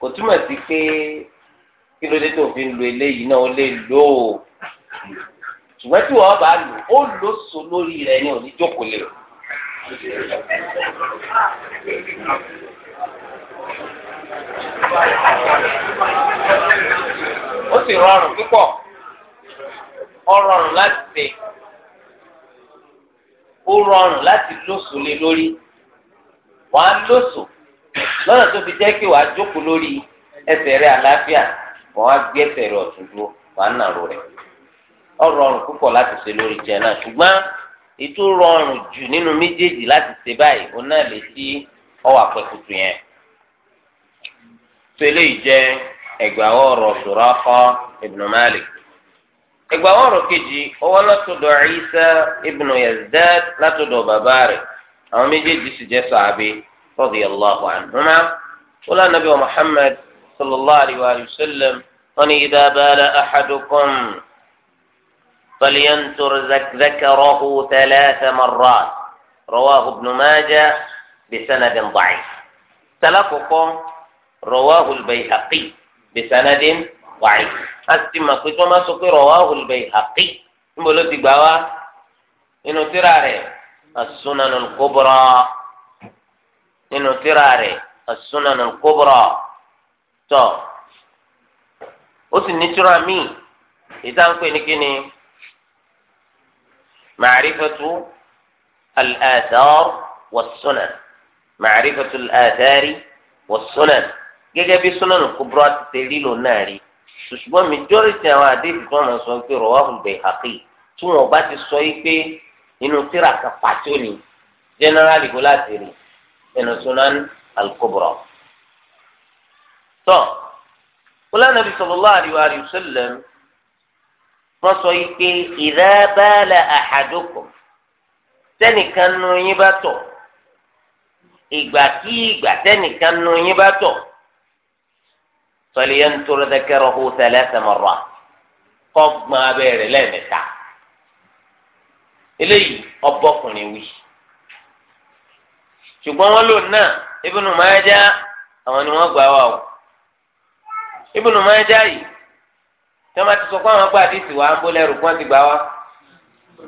kò túmọ̀ sí pé kí ló dé tó fi lu eléyìí náà ó lè lò ó ṣùgbọ́n tí wọ́n bá lò ó lò so lórí rẹ̀ ní oníjókòó lè ó sì rọrùn púpọ̀ ó rọrùn láti ṣe. ó rọrùn láti lóṣù lé lórí wàá lóṣù lọ́nà tó fi jẹ́ kí wọn jókòó lórí ẹsẹ̀ rẹ àlàáfíà wàá gbé ẹsẹ̀ rẹ ọ̀tún dúró wàá nàró rẹ̀ ó rọrùn púpọ̀ láti ṣe lórí jẹ náà ṣùgbọ́n ètò rọrùn jù nínú méjèèjì láti ṣe báyìí ó náà lè sí ọwọ́ àpẹkùtù yẹn ìgbà wọn rò kejì ọwọ́ látọ̀dọ̀ Isa ibn Yazdad látọ̀dọ̀ bàbá rẹ̀ àwọn méjèèjì sì jẹ́ sàbẹ̀ radiyallahu anhuma wọ́n lánàá bí wa Muhammad sallallahu alayhi wa sallam wọ́n ní idha bala ahadukum falyantur zakarahu thalatha marrat rawahu ibn Majah bisanadin da'if talakoko rawahu al-Bayhaqi bisanadin da'if. wáyé láti mọ̀ pé tí wọ́n máa sọ pé rawahu al-Bayhaqi níbo ló ti gbà wá nínú tírà rẹ̀ as-Sunan al-Kubra nínú tírà rẹ̀ as-Sunan al-Kubra tọ̀ ó sì ní tírà míì ìtànkpé ní kíni ma'rifatu al-athar was-sunan ma'rifatu al-athari was bí Sunan al ti tẹ̀lé lò náà rí ṣùgbọ́n majority àwọn àdéhùn tó wọn sọ pé rọwáhùn Bayhaqi tí wọn bá ti sọ yìí pé inú tíra kan pàtó ni generally kó láti rí inú Sunan al-Kubra. tọ́ wọlé nàbí sallallahu alaihi wa sallam wọn sọ pé idha bala ahadukum tẹnìkan nù yín bá tọ̀ ìgbà kí ìgbà tẹnìkan nù yín bá tọ̀. فلينتر ذكره ثلاث مرات ala ما بير لا متع إلي أبقني وي ṣùgbọ́n wọn lò náà Ibnu Majah àwọn ni wọ́n gbà wá o Ibnu Majah yìí tí wọ́n bá ti sọ pé àwọn gbà wa ń bó lẹ́rù kí wọ́n ti gbà wá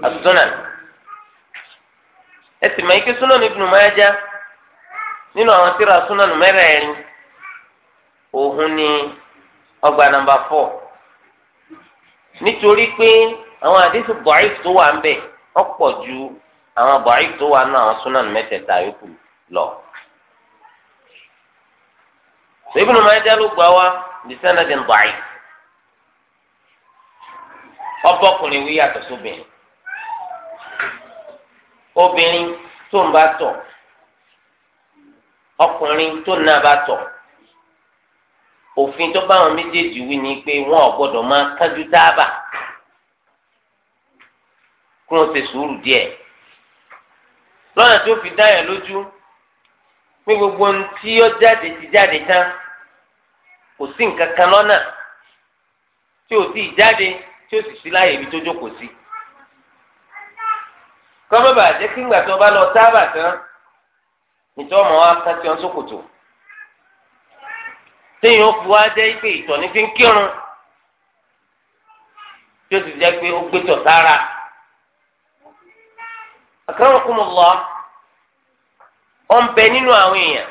àtúntúnà ẹ sì ike ohun ni ọgbà nàmbà fọ nítorí pé àwọn àdéhùn bọ̀ọ̀ì tó wà ń bẹ̀ ọ̀pọ̀ ju àwọn bọ̀ọ̀ì tó wà nù àwọn súnà mẹ́tẹ̀ẹ̀ta yòókù lọ. Ibn Majah ló gbà wá bi sanadin da'if ọbọkùnrin wí yàtọ̀ sóbìnrin obìnrin tó ń bá tọ̀ ọkùnrin tó ń ná bá tọ̀. òfin tó bá wọn méjèèjì wí ni pé wọn ò gbọ́dọ̀ máa kánjú dáàbà kí wọn ṣe sùúrù díẹ̀ lọ́nà tó fi dáyà lójú pé gbogbo ohun tí ó jáde ti jáde tán kò sí nǹkan kan lọ́nà tí ò tí ì jáde tí ó sì sí láàyè ibi tó jókòó sí kọ́mọ́bà jẹ́ kí ńgbà tó bá lọ sábà tán ìtọ́ wa kán tí sókòtò. So téèyàn ó fi wá jẹ́ pé ìtọ̀ ní fi ń kírun tí ó sì jẹ́ pé ó gbé tọ̀ sára. akramakumullah ọ ń bẹ nínú àwọn èèyàn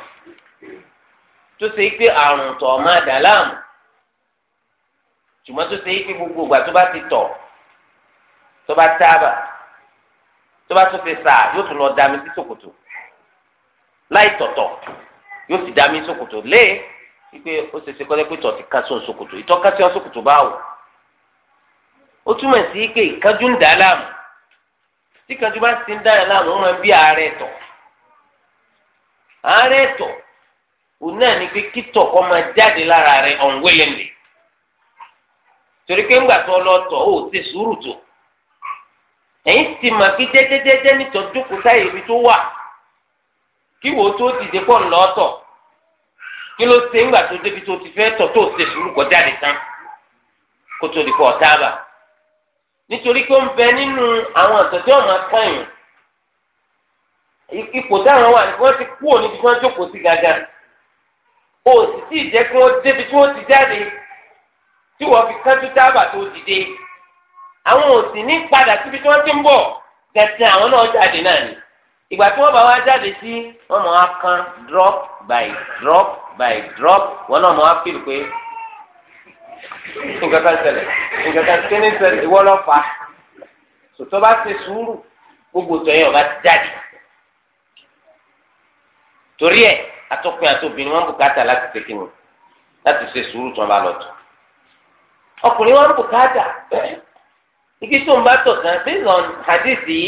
tó ṣe pé àrùn tọ̀ máa dà láàmú ṣùgbọ́n tó ṣe pé gbogbo ìgbà tó bá ti tọ̀ tó bá tábà tó bá tó ti sà yóò tún lọ dami sí ṣòkòtò láì tọ̀tọ̀ yóò sì dami ṣòkòtò lé wípé ó ṣe ṣe kọ́lẹ́ pé tọ̀ ti ká sí ọ̀ṣọ́kòtò ìtọ́ka sí ọ̀ṣọ́kòtò báwò ó túmọ̀ sí pé ìkanjú ń dà láàmú tí ìkanjú bá ti ń dà láàmú ó bí àárẹ̀ tọ̀ tọ̀ náà ni pé kítọ̀ kọ́ máa jáde lára rẹ̀ unwillingly torí pé ńgbà tó lọ tọ̀ ó ti sùúrù tó ẹ̀yìn ti mà kí jẹ́jẹ́jẹ́jẹ́ ibi tó wà kí kí ló ṣe ńgbà tó débi tó ti fẹ́ tọ̀ tó ṣe sùúrù kọ jáde tán kó tó di kọ ọ̀tá bà nítorí pé ó ń bẹ nínú àwọn àtọ̀tí ọ̀nà akẹ́yìn ipò táwọn wà ní kí wọ́n ti kú òní bí wọ́n jókòó sí gàgà o sì tí ì jẹ́ kí wọ́n débi tí wọ́n ti jáde tí wọ́n fi kánjú tábà tó dìde àwọn ò sì ní padà síbi tí wọ́n ti ń bọ̀ gẹ̀ẹ́sì àwọn náà jáde náà ni ìgbà tí wọ́n bá wá jáde sí wọ́n mọ̀ á kan drop by drop by drop wọn náà mọ wá fíìlì pé nǹkan kan ṣẹlẹ̀ nǹkan kan kíní ṣẹlẹ̀ ìwọ lọ fà á sòtọ́ bá ti sùúrù gbogbo tọ̀yìn ọba ti jáde torí ẹ̀ atọ́kùnrin àti obìnrin wọn bùkátà láti ṣe kíni láti ṣe sùúrù tí wọn bá lọ tó ọkùnrin wọn bùkátà igi tó ń bá tọ̀ kan based on hadith yìí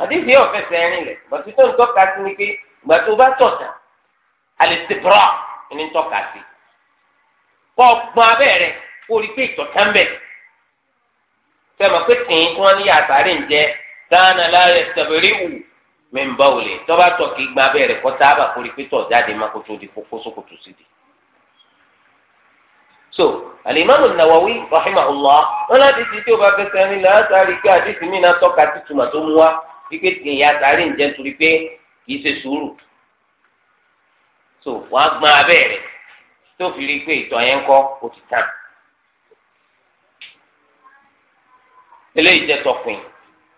hadith yìí ọ̀fẹ́ sẹ́rin lẹ̀ bàtí tó ń tọ́ka sí ni pé ìgbà bá tọ̀ tán alẹ́ ti bọ́ọ̀ ní tọ́ka sí kọ́ gbọ́n abẹ́ rẹ kó rí pé ìtọ̀tán bẹ̀ sẹ́mi pé tìǹ tí wọ́n ní àtàrí ń jẹ dáná láàyè sẹ̀bẹ̀rì wù mí ń bá wò lè tọ́ba tọ̀ kí gbọ́n abẹ́ rẹ kọ́ sábà kó rí pé tọ̀ jáde má kó tó di kókó sókòtò sí di. so alimami nawawi rahimahullah wọn láti ti tí o bá fẹsẹ̀ ní látàrí pé àdìsí mi náà tọ́ka títúmọ̀ so wàá gbọ́n abẹ́ rẹ̀ tó fi rí i pé ìtọ̀ yẹn ń kọ́ ó ti tàn. eléyìí jẹ́ tọkùn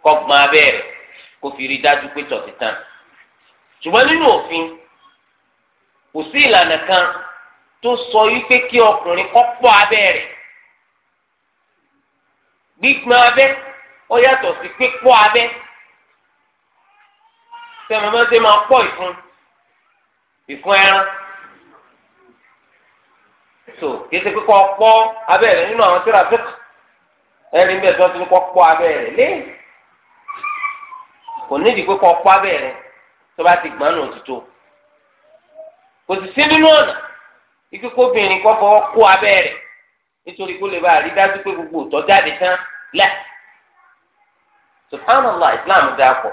kọ́ gbọ́n abẹ́ rẹ̀ kó fi rí i dájú pé tọ̀ ti tàn. ṣùgbọ́n nínú òfin kò sí ìlànà kan tó sọ wípé kí ọkùnrin kọ́ pọ́ abẹ́ rẹ̀ gbígbọ́n abẹ́ ó yàtọ̀ sí pípọ́ abẹ́ tẹ̀mọ́mọ́sẹ́ máa pọ̀ ìfun. ìfún ẹran so kéde pé kọ́ pọ́ abẹ́rẹ́ nínú àwọn tíra fẹ́k bẹ́ẹ̀ tó ti kọ́ pọ́ abẹ́rẹ́ lé kò nídìí pé kọ́ pọ́ abẹ́rẹ́ tó bá ti gbọ́n nù kò sì sí nínú ọ̀nà kọ́ fọwọ́ kó abẹ́rẹ́ gbogbo òtọ́ jáde tán lẹ́ subhanallah islam dáa pọ̀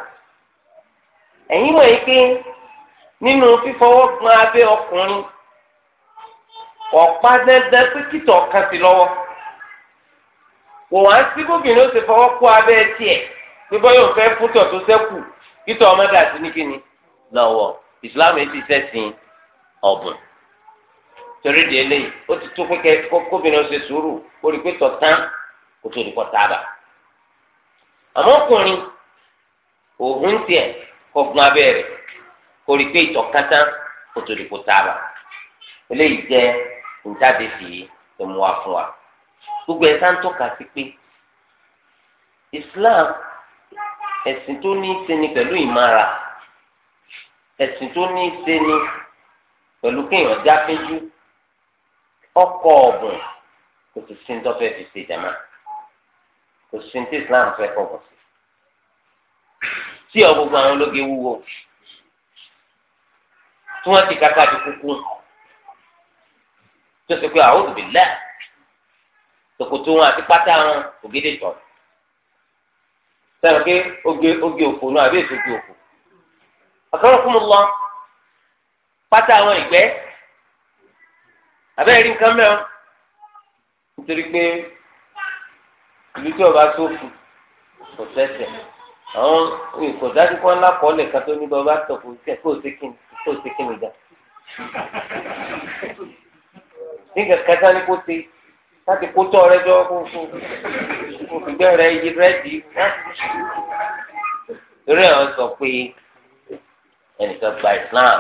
ẹ̀yin mọ̀ yìí pé. nínú fífọwọ́ gbọ́n abẹ́ ọkùnrin ọ̀pá dandan pé kìtọ̀ kan sí lọ́wọ́ kò wá sí gómìnà ó ti fọwọ́ kó abẹ́ tiẹ̀ pé bọ́yọ̀ fẹ́ fútọ̀ tó sẹ́kù kìtọ̀ ọmọdé àti nìkíni lọ́wọ́ ìsìláàmù èyí ti sẹ́sìn ọ̀bùn torí di eléyìí ó ti tó pé ó kó rí i pé ìtọ̀kátá kò tó di kó tààrà eléyìí jẹ́ ìjáde sí i tó mú wa fún wa gbogbo ẹ̀ sáà ń tọ́ka sí pé Islam ẹ̀sìn tó ní í ṣe ni pẹ̀lú ìmára ẹ̀sìn tó ní í ṣe ni pẹ̀lú kéèyàn jáfẹ́jú ọkọ̀ ọ̀bùn kò sì sí ní tọ́fẹ́ fi ṣe ìjàmá kò sí ní tí Islam fẹ́ kọ̀ sí tí ọ gbogbo àwọn ológe wúwo tí wọ́n ti kàkà di kúkú tó ṣe pé àwọn òbí lẹ́ tòkòtò wọn àti pátá wọn ògidì tọ̀ sẹ́wọ̀n pé oge oge òfò náà àbí èso oge òfò àkọ́rọ̀ fún mi lọ pátá àwọn ìgbẹ́ àbẹ́rẹ́ rí nǹkan mẹ́rin nítorí pé ìlú tí ọba tó fún kò tẹ̀sẹ̀ àwọn kò dájú kó ńlá kọ́ lẹ̀ ká tó ní bá ọba tó kò tẹ̀ kó o ṣe kí ni tó ṣe kí ni gan. nígbà kẹta ni kò ṣe láti kó tọ́ rẹ jọ kó kó kó fìgbẹ́ rẹ yí rẹ́dì. torí àwọn sọ pé ẹnìkan gba Islam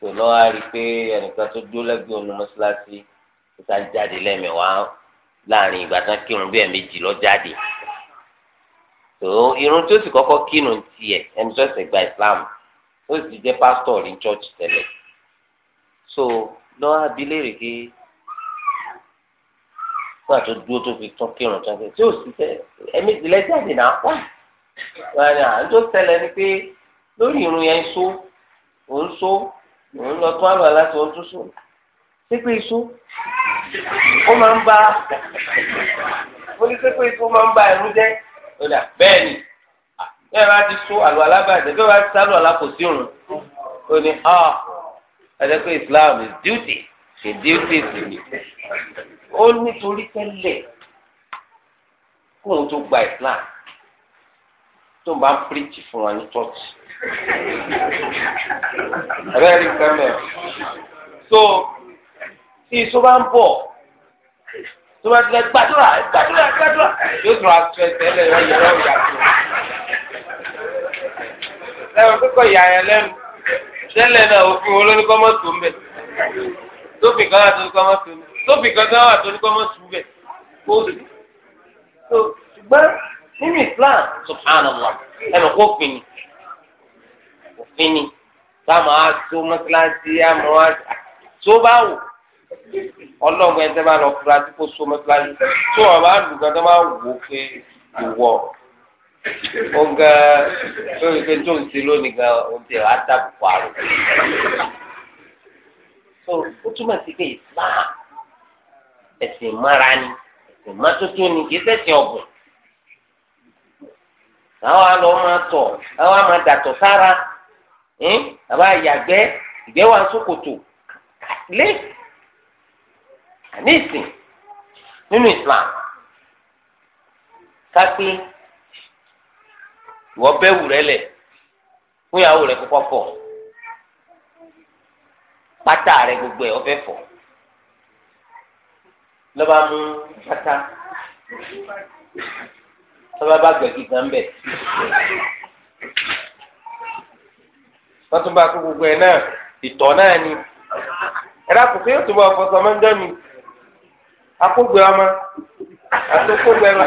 tò lọ́wọ́ á rí i pé ẹnìkan tó dúró lẹ́gbẹ̀ẹ́ ọ̀nà mọ́ṣáláṣí tó ta jáde lẹ́mẹ̀wàá láàrin ìgbà tán kírun bíi ẹ̀mejì lọ jáde tó irun tó sì kọ́kọ́ kírun tiẹ̀ ẹni tó ṣẹ̀ṣẹ̀ gba Islam ó sì jẹ́ pásítọ̀ rí church tẹ́lẹ̀ so lọ́wọ́ abiléèrè pé nígbà tó dúró tó fi tán kírun tán tí ó sì fẹ́ ẹ̀mí ìdílé jáde náà wá wọn ni à ń tó tẹ́lẹ̀ ni pé lórí irun yẹn so òun so òun lọ tún àlọ́ aláṣẹ òun tún so pépé iṣu ó máa ń bá onípépé iṣu máa ń bá ẹ̀rú jẹ́ bẹ́ẹ̀ ni bẹ́ẹ̀ bá ti sún àlọ́ alábàjẹ́ bẹ́ẹ̀ bá ti sálọ̀ alákòsí òrùn ó ní ọ ẹ̀jẹ̀ pé Islam is duty ṣe duty sí mi ó nítorí tẹ́lẹ̀ kóun tó gba Islam tó ń bá ń píríkì fún wa ní tọ́tù. Ẹ̀rẹ́ rí kẹ́mẹ̀. So tí iṣu bá ń bọ̀ tó bá ti lẹ gbàdúrà gbàdúrà gbàdúrà yóò tún aṣọ ẹsẹ̀ lẹ̀ yọ ìyẹ̀rọ ìyàtọ̀ ẹ̀rọ kíkọ ìyá yẹn lẹ́nu tẹ́lẹ̀ náà òfin olórí kọ́ mọ́ tó ń bẹ̀ tófin kan wà tó ní kọ́ mọ́ tó ń bẹ̀ tófin kan wà tó ní kọ́ mọ́ tó ń bẹ̀ kó sì tó ṣùgbọ́n nínú Islam subhanallah ẹnu kó fin ni òfin ni táwọn á tó mọ́tíláṣí àmọ́ á tó bá wò ọlọ́gbọ̀n ẹ̀ tẹ́ bá lọ fura tí kò so mọ́tíláṣí tó wọn bá lù tó bá wò ó pé ìwọ. ó ga tó ń lónìí gan so ó túmọ̀ sí pé Islam ẹ̀sìn mara ni ẹ̀sìn mọ́tótó ni kì í ọ̀gbìn àwọn àlọ́ máa tọ̀ àwọn dàtọ̀ sára àbá yàgbẹ́ ìgbẹ́ sókòtò lé nínú Islam ìwọ bẹ wù rẹ lẹ fún ìyàwó rẹ kọ́kọ́ fọ̀ pátá rẹ gbogbo ẹ ọfẹ fọ̀ lọba mú pátá lọba bá gbẹ̀gì kan bẹ wọ́n tún bá kó gbogbo ẹ náà ìtọ̀ náà ni ẹ dákun sí yóò tún bá ọkọ sọmọ ń jọ ni akógbé ọmọ àtòkógbé ọmọ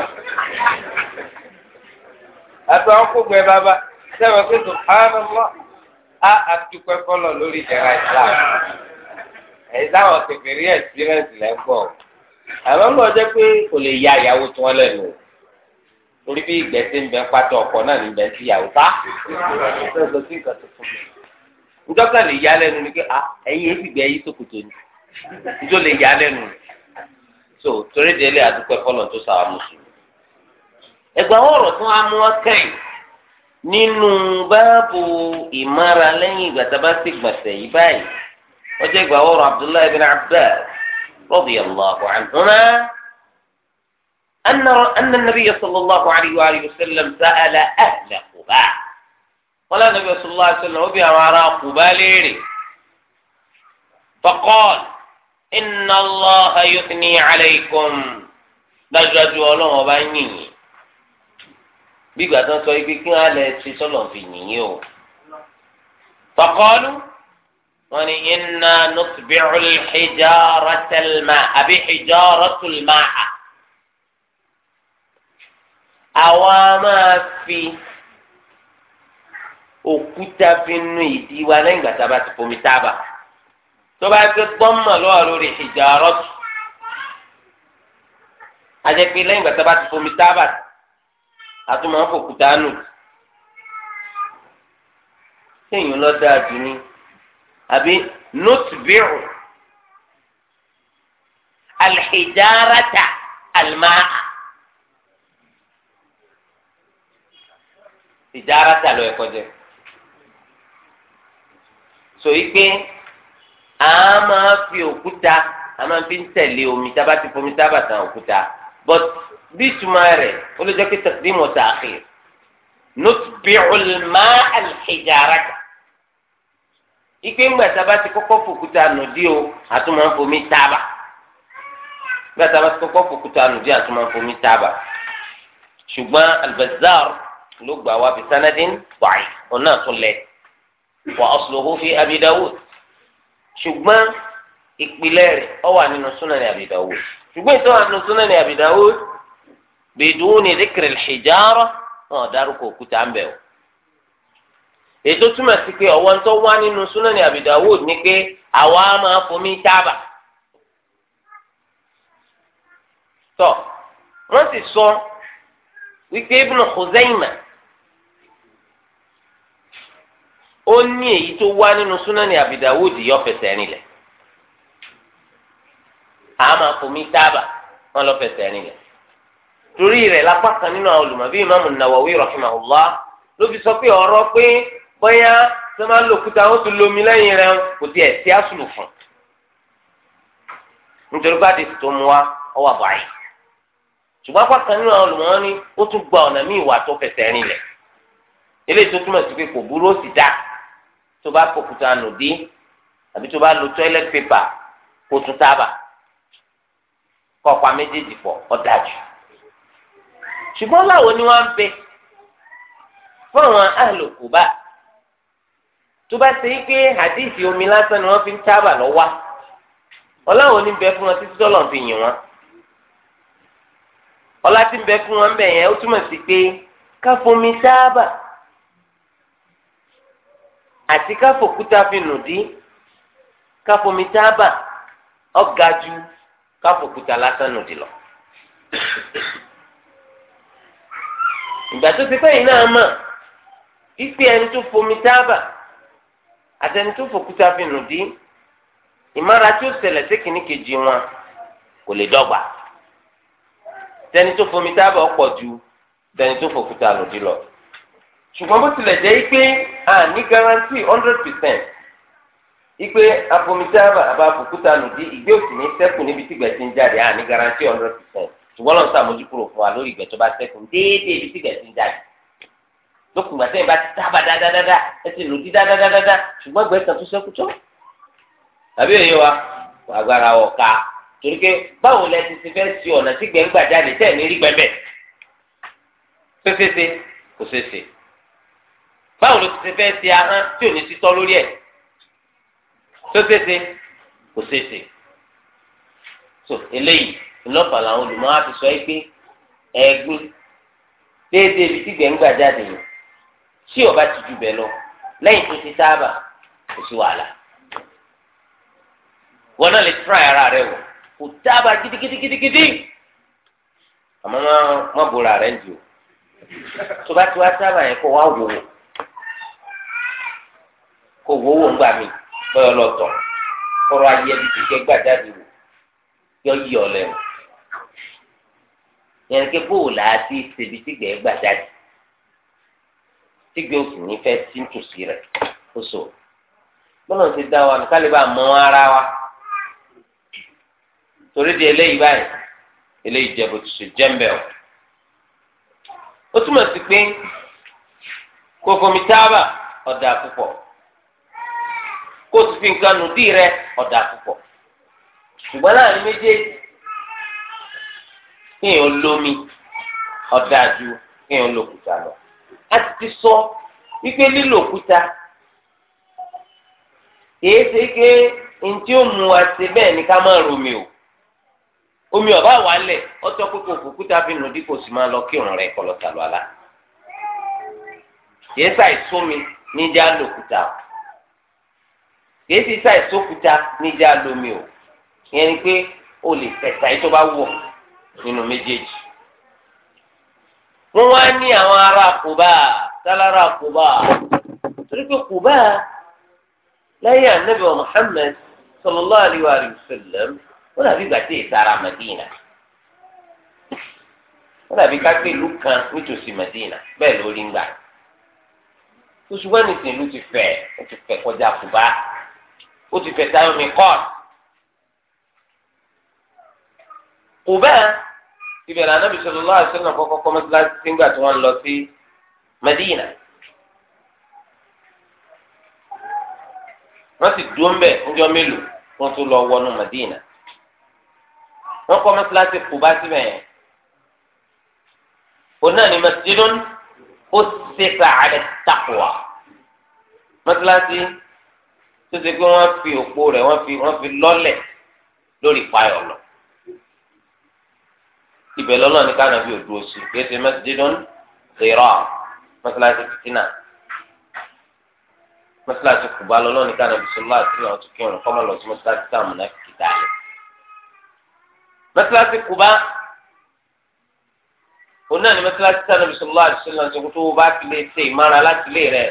àti àwọn kókò ẹ bàbá sẹ́wọ̀n pé subhanallah á àtúpẹ́ kọ́lọ̀ lórí ìjẹ̀rà islam ẹ̀yìn táwọn kẹfìrí ẹ̀sìrẹ́sì lẹ́gbọ̀ àwọn ọmọ ọjọ́ pé kò lè ya ìyàwó tí wọ́n lẹ́nu torí bí ìgbẹ́ tí ń bẹ pátá ọkọ náà ní bẹ sí ìyàwó tá lọ́sọ̀ sí nǹkan tó fún lè ya lẹ́nu ni pé ẹ̀yin èyí gbẹ yí sókòtò ni njọ́ lè ya lẹ́nu so torí délé àdúpẹ́ kọ́lọ̀ tó sàwọn mùsùlùmí. ẹgbà ọrọ tún á wọ́n á mú ọkàn nínú báàbù ìmára lẹ́yìn ìgbà tá a bá sì gbọ̀nsẹ̀ yìí báyìí ọjọ́ ìgbà ọ̀rọ̀ abdullahi bin abbas radiyallahu anhuma أن أن النبي صلى الله عليه وآله وسلم سأل أهل قباء قال النبي صلى الله عليه وسلم àwọn ará kuba léèrè فقال inna الله يثني عليكم dájúdájú ọlọ́run ọba yìnyín bí ìgbà tó ń sọ ibi kí wọn lè ṣe sọlọ fi nìyí o. faqalu wọn ni inna nutbi'u al-hijarata al-ma'a àbí hijarata al-ma'a. àwa máa fi òkúta fi ìdí wa lẹ́yìn ìgbà tá a bá ti fomi tábà tó bá ti gbọ́mọ̀ lọ́wọ́ lórí hijaratu. a jẹ́ lẹ́yìn ìgbà tá a bá ti fomi tábà àtúmọ̀ àfòkúta nù séèyàn lọ dáa jù ní àbí nùtùbíù alḥijárata almáà ìjárata lọ ẹ̀kọ́ jẹ so ipe a máa fi òkúta a máa fi ń tẹ̀lé omi tá fomi sábà òkúta but bí ìtumọ̀ rẹ̀ ó lè jẹ́ pé taqdim wa ta'khir nutbi'ul ma'a al-hijarata ìpè ńgbà tá a bá ti kọ́kọ́ fòkúta nù dí o àtúmọ̀ ń fomi tábà ńgbà tá a bá ti kọ́kọ́ fòkúta nù dí àtúmọ̀ ń fomi tábà ṣùgbọ́n al-Bazzar ló gbà wá bí sanadin wàyí ọ̀nà àtúnlẹ̀ wa asluhu fi Abi ṣùgbọ́n ìpìlẹ̀ rẹ̀ ó wà nínú Sunan Abi Dawud ṣùgbọ́n ìtọ́wà biduni dhikri al-hijara wọn dárúkọ òkúta ń bẹ o ètò túmọ̀ sí pé ọ̀wọ́n tó wá nínú súnáni Abi Dawud ni pé àwa máa fomi tábà tọ wọ́n sì sọ wípé Ibn Khuzaima ó ní èyí tó wá nínú súnáni Abi yọ fẹsẹ̀ nílẹ̀ àá fomi tábà wọ́n lọ fẹsẹ̀ nílẹ̀ torí rẹ̀ lápá kan nínú àwọn olùmọ̀bí ìmáàmù Nawawi rahimahullah ló fi sọ pé ọ̀rọ̀ pé bóyá tó máa ń lo òkúta ó tún lomi lẹ́yìn rẹ̀ kò tiẹ̀ sí àsùlù fún nítorí bá di tó mu wa ọ wà báyìí ṣùgbọ́n apá kan nínú àwọn olùmọ̀ọ́ ni ó tún gba ọ̀nà míì wà tó fẹsẹ̀ rinlẹ̀ eléyìí tó túmọ̀ sí pé kò burú ó sì dá tó bá kòkúta nù dí àbí tó bá lo toilet paper kó tún tábà kọ́ pa méjèèjì pọ̀ ó dájú ṣùgbọ́n láwo ni wọ́n ń bẹ fún àwọn àlòkùbá tó bá ṣe pé hadith omi lásán ni wọ́n fi ń tábà lọ́wọ́ ọláwo ni bẹ fún wọn títí tọ́lọ̀ fi yìn wọn ọlá tí ń bẹ fún wọn bẹ̀ yẹn ó túmọ̀ sí pé káfomi tábà àti káfòkúta fi nù dí káfomi tábà ọ̀gá ju lásán nù dí lọ. ìgbà tó ti pẹ́yìn náà mọ̀ ipe ẹni tó fomi tábà àti ẹni tó fòkúta fi nù dí ìmára tí ṣẹlẹ̀ sí kìíní kejì wọn kò lè dọ́gba tẹni tó fomi tábà ọ̀pọ̀ ju tẹni tó fòkúta nù dí lọ ṣùgbọ́n bó tilẹ̀ jẹ́ a ní garanti hundred percent ipe afomi tábà àbá fòkúta nù dí ìgbé òsì ní sẹ́kù níbi tí gbẹ̀sìn a ní garanti hundred ṣùgbọ́n lọ́n sàmójú kúrò fún wa lórí ìgbẹ́ tó bá sẹ́kù déédéé ibi tí ìgbẹ́ ti ń jáde lókùn ìgbà sẹ́yìn bá ti dábà dáadáa ẹ ti lòdì dáadáa ṣùgbọ́n ìgbẹ́ kan tó sẹ́kù tó tàbí èyí wa agbára ọ̀ka torí pé báwo lẹ ti ti fẹ́ sí ọ̀nà tí ìgbẹ́ ń gbà jáde tẹ̀ ní rí gbẹ́bẹ̀ ṣéṣeṣe kò ṣeṣe báwo ló ti ti fẹ́ sí ahọ́n tí ò ní títọ́ lórí ẹ̀ ṣéṣeṣe kò ṣeṣe so eléyìí ńlọ́fà làwọn olùmọ̀ á fi sọ é pé ẹ̀gbin déédéé ibi tí gbẹ̀ngbà jáde yìí tí ọba ti jù bẹ́ẹ̀ lọ lẹ́yìn tó ti sáábà kò sí wàhálà wọn náà lè tíráì ara rẹ wò kò sáábà gidigidigidigidi àmọ́ má bora rẹ jù tó bá ti wá sáábà yẹn kó wá wò ó kó wò ó wò ń gbà mí lọ́yọ̀ lọ́tọ̀ kọ́rọ̀ ayé ibi tí gbẹ̀ngbà jáde wò yọ yí ọ lẹ́nu. yẹn ké bó o là á ti ṣèbí gbà jáde tìgbẹ́ òsì ní tí ń tòsí rẹ̀ ó sọ bọ́lá ti dá wa nìkan lè bá mọ ara wa torí di eléyìí báyìí eléyìí jẹ́ bó ti ṣe o ó túmọ̀ fi nǹkan nù dí rẹ púpọ̀ kéèyàn lómi ọ̀dájú kéèyàn lòkúta lọ. a ti sọ wípé lílo òkúta kìí ṣe ntí ó mu wa ṣe bẹ́ẹ̀ ni ká romi o omi ọba wà lẹ̀ ọtọ́ fi nù dípò lọ kírun rẹ̀ kọlọ tà lọ́la kìí ṣàìsómi níjà o kìí ṣe níjà lómi o ìyẹn ni pé o lè bá nínú méjèèjì wọn wá ní àwọn ará Kùbá sálára Kùbá torí pé Kùbá lẹ́yìn anabi wa Muhammad sallallahu alayhi wa sallam wọn dàbí gbàtẹ ìsara Madina wọn dàbí kápẹ́ ìlú kan nítòsí Madina bẹ́ẹ̀ ló rí ń gbà oṣù wẹ́nìtì ìlú ti fẹ̀ ó ti fẹ̀ kọjá Kùbá ó ti fẹ̀ táwọn mi kọ́ọ̀tù. kò bẹ́ẹ̀ ìbẹ̀rẹ̀ anábì sallallahu alaihi wasallam kọ́kọ́ kọ́ mọ́sálásí sígbà tí wọ́n lọ sí Medina wọ́n sì dúró ń bẹ̀ ńjọ́ mélòó wọ́n tún lọ wọnú Medina wọ́n kọ́ mọ́sálásí kò bá síbẹ̀ yẹn òun náà ni masjidun ussisa ala taqwa mọ́sálásí tó ṣe pé wọ́n fi òpó rẹ̀ wọ́n fi lọ́lẹ̀ lórí ìpayọ̀ lọ ibẹ̀ lọ́nà ní káànà bí òdúró sí kéde mẹsìdínlọ́n zèrọ mẹsàlásì fìtínà mẹsàlásì kùbá lọ́nà ní káànà bí sọlá àti àwọn tó kírun kọ́mọ lọ sí mẹsàlásì táwọn náà kì í dálé. mẹsàlásì kùbá òun náà ní mẹsàlásì táwọn bí sọlá àti sọlá àti sọkútó bá ti lè ṣe ìmára láti lè rẹ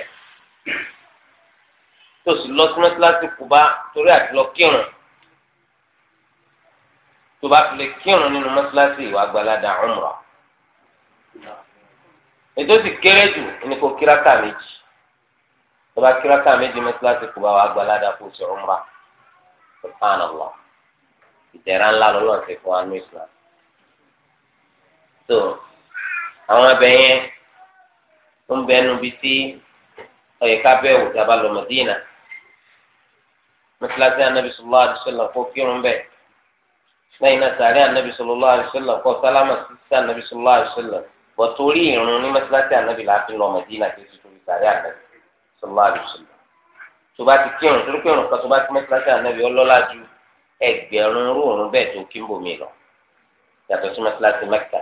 tó sì lọ sí mẹsàlásì kùbá torí àti lọ kírun tó bá fi lè kírun nínú mọ́ṣáláṣí ìwà gbalada umrah ètò sì kéré jù ní kó kíráka méjì tó bá kíráka méjì mọ́ṣáláṣí kò bá wà gbalada kó sí umrah subhanallah ìtẹ̀rà ńlá lọ́lọ́ ṣe fún anú islam so àwọn abẹ yẹn ń bẹnu bíi tí ọ̀yẹ̀ká bẹ́ẹ̀ wò dábàá lọ Madina mọ́ṣáláṣí anabi sallallahu alaihi kírun bẹ́ẹ̀ lẹ́yìn náà sàárẹ anabi sallallahu alaihi wasallam kọ sálámà sísá anabi sallallahu alaihi wasallam bọ torí ìrún ní mẹsàlásì anabi láti lọ Mẹdínà kí èso torí sàárẹ anabi sallallahu alaihi wasallam tó bá ti kírun torí kírun kan tó bá ti mẹsàlásì anabi ọlọ́lá ju ẹgbẹ̀rún rúurun bẹ́ẹ̀ tó kí ń bomi lọ yàtọ̀ sí mẹsàlásì Mẹ́kà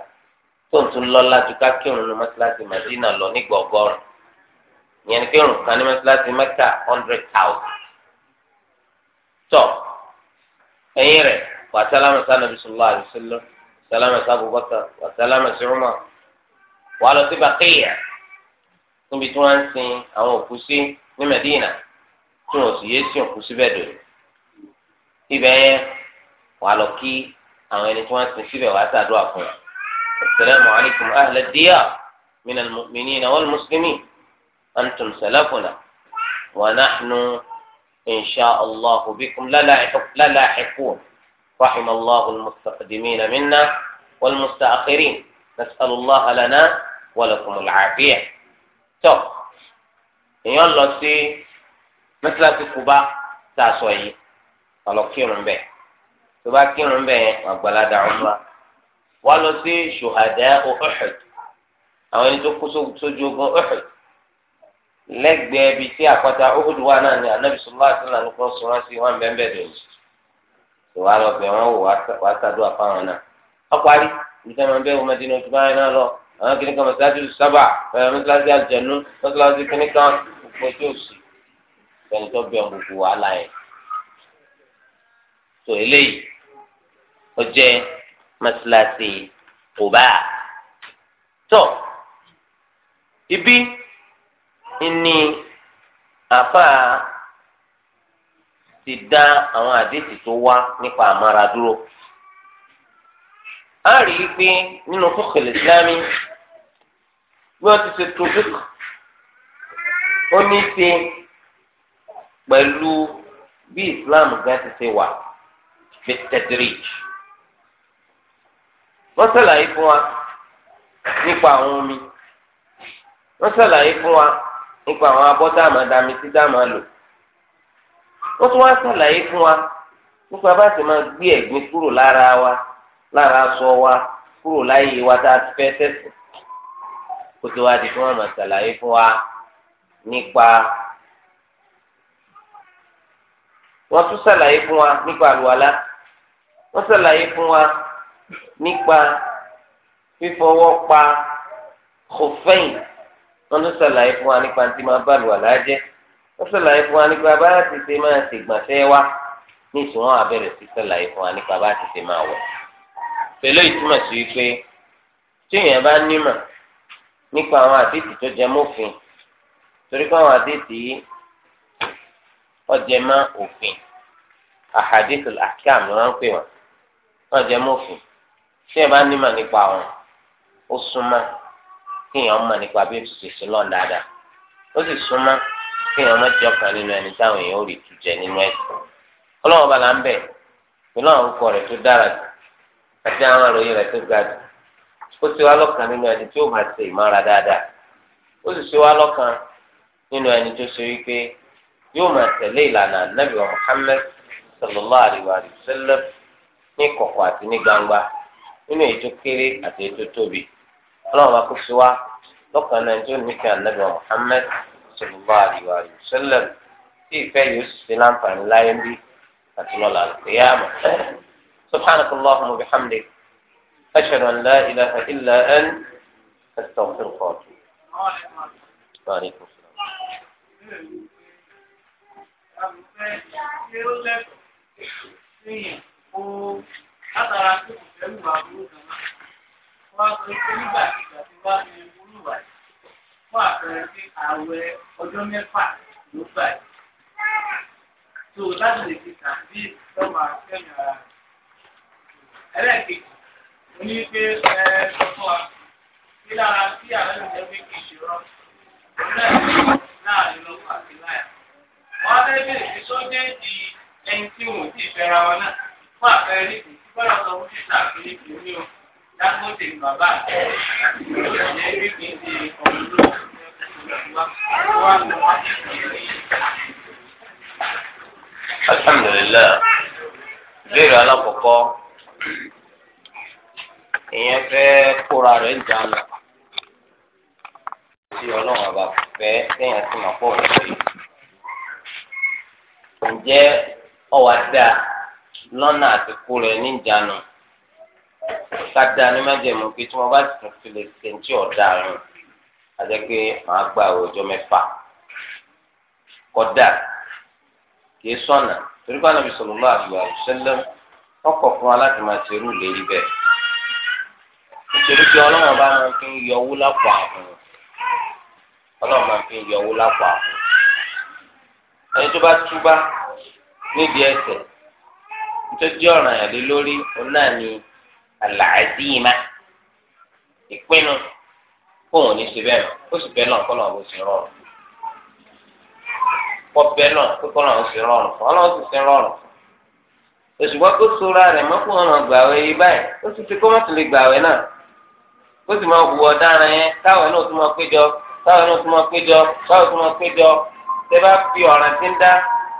tó ń tún lọ́lá ju ká kírun ní mẹsàlásì Mẹdínà lọ nígbà ọgọ́rùn ìyẹn kírun kan ní mẹsàlásì Mẹ́kà hundred thousand tọ ẹ̀yìn rẹ̀ wà sálámà sá nàbí sallallahu alaihi wasallam sálámà sá Abubakar wà sálámà sí Umar wà lọ sí Baqiya níbi tí wọ́n ń sin àwọn òkú sí ní Medina tí wọ́n sì yé sin òkú síbẹ̀ dòdò ibẹ̀ yẹn wà lọ kí àwọn ẹni tí wọ́n ń sin síbẹ̀ wà sàdúrà fún wa assalamu alaikum ahla diyar min al-mu'minina wal muslimin antum salafuna wa nahnu insha Allah bikum lalahiqun. رحم الله المستقدمين منا والمستأخرين نسأل الله لنا ولكم العافية tó èèyàn lọ sí mẹsàlásì kúbá tá a sọ yìí ọlọ kírun bẹ tó bá kírun bẹ àgbàládà ọmọ wa lọ sí ṣùhàdà Uhud àwọn ẹni tó kú sójú ogun Uhud lẹ́gbẹ̀ẹ́ bíi tí àpáta Uhud wà náà ni anabi sọlá àti nàlùkọ sọlá sí wọn bẹ́ẹ̀ bẹ́ẹ̀ dòní ìwà lọ bẹ̀ wọ́n wò wá sàdúrà fáwọn náà. wọ́n parí níta máa ń bẹ́ ọmọdé náà tó báyìí náà lọ àwọn kìnnì kan mọ̀sáájú sábà mọ̀sáájú àjẹnú mọ̀sáájú kìnnì kan gbogbo tí ò sí ẹni tó bẹ̀ gbogbo wàhálà yẹn. tó eléyìí ó jẹ́ mọ̀sáláṣí Kùbá. tó ibi ni àfáà ti dá àwọn àdéhùn tó wá nípa àmàrà dúró. a rí i pé nínú fúkìl ìsìlámì bí wọ́n ti ṣe tòbík ó ní í ṣe pẹ̀lú bí ìsìlámù gan ti ṣe wà fi tẹ̀dírìj. wọ́n ṣàlàyé fún wa nípa àwọn omi wọ́n ṣàlàyé fún wa nípa àwọn abọ́ dáàmà dáàmì tí dáàmà lò ó tún wá sàlàyé fún wa nípa bá ti máa gbé ẹ̀gbin kúrò lára wa lára aṣọ wa kúrò láyé wa tá a ti fẹ́ sẹ̀sìn kó tó wá di fún wa máa sàlàyé fún wa nípa wọ́n tún sàlàyé fún wa nípa àlùwalá wọ́n sàlàyé fún wa nípa fífọwọ́ pa kòfẹ́yìn wọ́n tún sàlàyé fún wa nípa tí máa bá àlùwalá jẹ́ wọ́n sọ̀làyé fún wa nípa bá ti ṣe máa ṣègbọ̀nsẹ̀ wa ní ìṣùwọ̀n abẹ́rẹ́ sí sọ̀làyé fún wa nípa bá ti ṣe máa wọ̀. pẹ̀lú ìtumọ̀ sí wípé tí èèyàn bá nímọ̀ nípa àwọn àdéhìí tó jẹ mọ́fin torí pé àwọn àdéhìí ọjẹ mọ́ òfin àhàdéhìí àkíàm ni wọ́n ń pè wọ́n wọ́n jẹ mọ́fin tí èèyàn bá nímọ̀ nípa wọn ó súnmọ́ kí èèyàn mọ̀ nípa bí ó sì súnmọ́ kí má jẹ ọkàn nínú ẹni táwọn èèyàn ò rí tu jẹ nínú ẹsẹ ọlọ́run ọba là ń bẹ̀ pẹ̀lú àwọn ọkọ rẹ̀ tó dára jù àti àwọn àròyìn rẹ̀ tó ga jù ó wá lọ́kàn nínú ẹni tí ó máa ṣe ìmọ̀ra dáadáa ó sì ṣe wá lọ́kàn nínú ẹni tó ṣe wípé yóò máa tẹ̀lé ìlànà ànábì wa sallallahu wa sallam ní kọ̀kọ̀ àti ní gbangba nínú ètò kéré àti ètò tóbi ọlọ́run sallallahu alaihi wa sallam tí ìfẹ́ yìí ó sì fi láǹfààní láyé ń bí àti lọ́la àlùkìyàmà. سبحانك اللهم وبحمدك أشهد أن لا إله إلا أنت أستغفرك وأتوب وعليكم السلام látara tó kò fẹ́ wù àbúrò kan náà wọ́n á sọ pé nígbà tí ìgbà tí wọ́n á fi wúlò wáyé. fún àpẹẹrẹ pé ààwẹ̀ ọjọ́ mẹ́fà ló gbà yìí. tó o láti lè fi kàn bí ọmọ akẹ́yìn ara rẹ̀. ẹlẹ́ẹ̀kejì mo ní pé ẹ sọ fún wa kí lára sí àwọn ènìyàn pé kì í ṣe rọ láàrin lọ́kọ̀ àti láyà. wọ́n á fẹ́ bèrè pé sọ́jẹ́ di ẹni tí wọn ò fẹ́ra wọn náà fún àpẹẹrẹ nìkan tí bọ́lá sọ fún títà àbí nìkan ní o. Dangote bàbá alhamdulilayi ìbéèrè alákọ̀ọ́kọ́ ìyẹn fẹ́ kóra rẹ̀ ń jà lọ tí ọlọ́run àbá fẹ́ sẹ́yìn sí máa pọ̀ lórí. ǹjẹ́ ọwọ́ dáa lọ́nà àtìkú rẹ̀ níjànú. kádà ní májèmú pé tí wọn bá sì tún fi lè ṣe tí ọ̀dà rùn àti pé màá gba ọjọ́ mẹ́fà kọ́dà kìí sọ̀nà torí bá nàbì sallallahu alaihi wasallam wọn kọ̀ fún wa láti máa ṣerú lérí bẹ́ẹ̀ nítorí pé ọlọ́run bá máa fi ń yọ owó lápò ààbò ọlọ́run máa fi ń yọ owó lápò ààbò ẹni tó bá túbá nídìí ẹsẹ̀ nítorí ọ̀ràn ẹ̀ lé lórí òun ni àlàzíìmá ìpinnu kóun ní ṣe bẹ́ẹ̀ ó sì bẹ́ẹ̀ náà kọ́nà ó sì rọrùn kọ́ bẹ́ẹ̀ náà pé kọ́nà ó sì rọrùn fún ọlọ́run sì sí rọrùn òṣùwọ́n kó sora rẹ̀ mọ́ kó ọ̀nà gbàwé yìí báyìí ó sì ti kó má ti lè gbàwé náà ó sì máa wù ọ̀daràn yẹn táwọn náà tún máa péjọ táwọn náà tún máa péjọ táwọn tún máa péjọ tẹ bá fi ọ̀ràn tí ń dá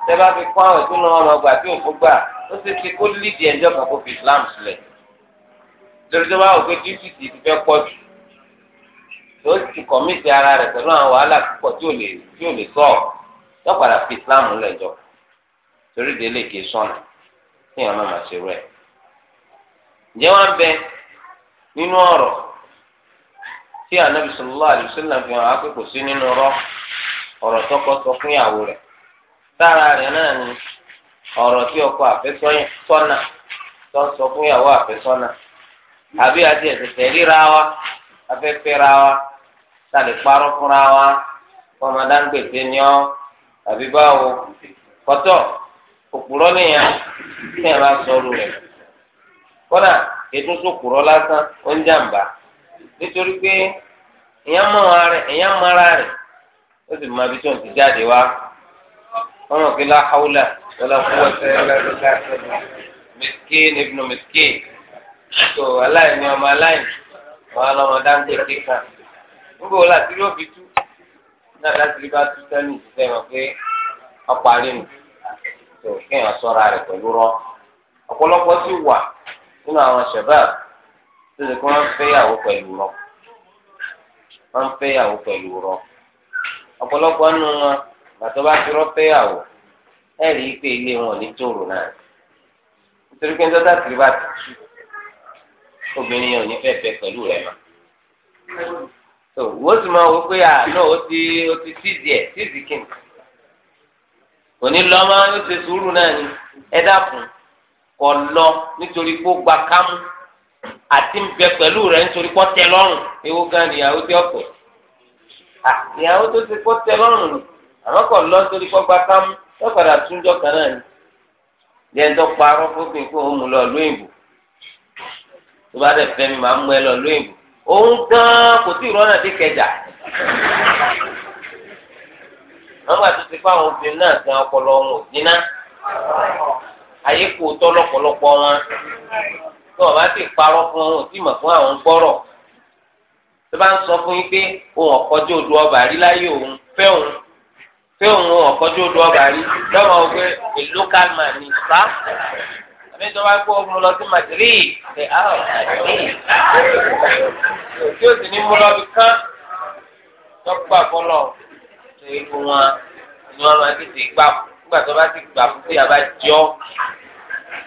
tẹ bá fi kó àwọn tó ọmọ gbà tí òfò gbà ó sì ti kó lídìí ẹjọ́ kan kó fi Islam sílẹ̀. torí tó bá wò pé ti fẹ́ pọ̀ jù tó ti ara rẹ̀ pẹ̀lú àwọn wàhálà púpọ̀ tí ò lè tí ò lè sọ ọ́ padà fi Islam lẹ́jọ́ torí délé èèyàn ǹjẹ́ wọ́n bẹ nínú ọ̀rọ̀ tí Ànábì sallallahu alaihi wasallam fi hàn sí nínú ọ̀rọ̀ tọkọ sọ fún ìyàwó rẹ̀ rẹ̀ àbí àti ẹ̀sẹ̀sẹ̀ ríra wa afẹ́fẹ́ ra wa sàlẹ̀ parọ́ fúnra wa kọ́mọdáńgbèsè ni ọ́ àbí báwo kọ́tọ̀ òpùrọ́ nìyẹn tí ẹ̀ bá sọ̀rọ̀ rẹ̀ kọ́dà ètò tó lásán ó ń jàǹbá nítorí pé èèyàn mọ rẹ̀ ó sì tó ń ti jáde wá wọn mọ̀ tó aláìní ọmọ aláìní wọn á lọmọ dáńtẹ kéka níbo láti rí òbí tú náà láti rí bá tú sẹ́ni ìṣiṣẹ́ wọn pé ọ̀pọ̀ àlẹ́ nù tó kéèyàn sọ́ra rẹ̀ pẹ̀lú rọ ọ̀pọ̀lọpọ̀ sì wà nínú àwọn shabab tó ṣe kí wọ́n fẹ́ yàwó pẹ̀lú rọ wọ́n fẹ́ yàwó pẹ̀lú rọ ọ̀pọ̀lọpọ̀ nínú wọn gbàtọ́ bá fi rọ fẹ́ yàwó ẹ̀ rí i pé ilé wọn ò ní tòrò náà nítorí pé ń tọ́ obìnrin yẹn ò ní fẹ́ bẹ pẹ̀lú rẹ̀ mọ́. so wọ́n sì máa wọ pé à náà ó ti ó ti tíìzì ẹ̀ tíìzì kìnnì. òní lọ máa ń ṣe sùúrù náà ni ẹ dákun kọ lọ nítorí pé ó gba kámú àti ń bẹ pẹ̀lú rẹ̀ nítorí pé ó tẹ lọ́rùn ewu gan níyàwó tí ọ̀pẹ̀. ìyàwó tó ti kó tẹ lọ́rùn ni àmọ́ kọ lọ nítorí pé ó gba kámú lọ́kadà túnjọ́ kan náà ni. yẹn tó parọ́ fún mi pé òun mú lọ lóyìnbó tó bá dẹ̀ fẹ́ mi máa mú ẹ lọ lóyìnbó òun gan kò tí ì rọ́nà dé kẹjà wọ́n gbà tó ti fún àwọn obìnrin náà gan ọpọlọ wọn ò dínà ayé kò tọ́ lọ́pọ̀lọpọ̀ wọn tó o bá ti parọ́ fún wọn ò tí mọ̀ fún àwọn gbọ́rọ̀ tó bá ń sọ fún yín pé òun ọ̀kọ́jọ́ odò ọba rí láyé òun fẹ́ òun fẹ́ òun ọ̀kọ́jọ́ odò ọba rí lọ́wọ́ pé a local man ni sá àbí ìjọba kó o mú lọ sí Madrid ṣe áwọ ah, Madrid tí o sì ní mú lọ bí kán lọ́pọ̀ àfọlọ́ tó ikú wọn ni wọn máa tètè gbà nígbà tó bá ti gbà fún bóyá bá jọ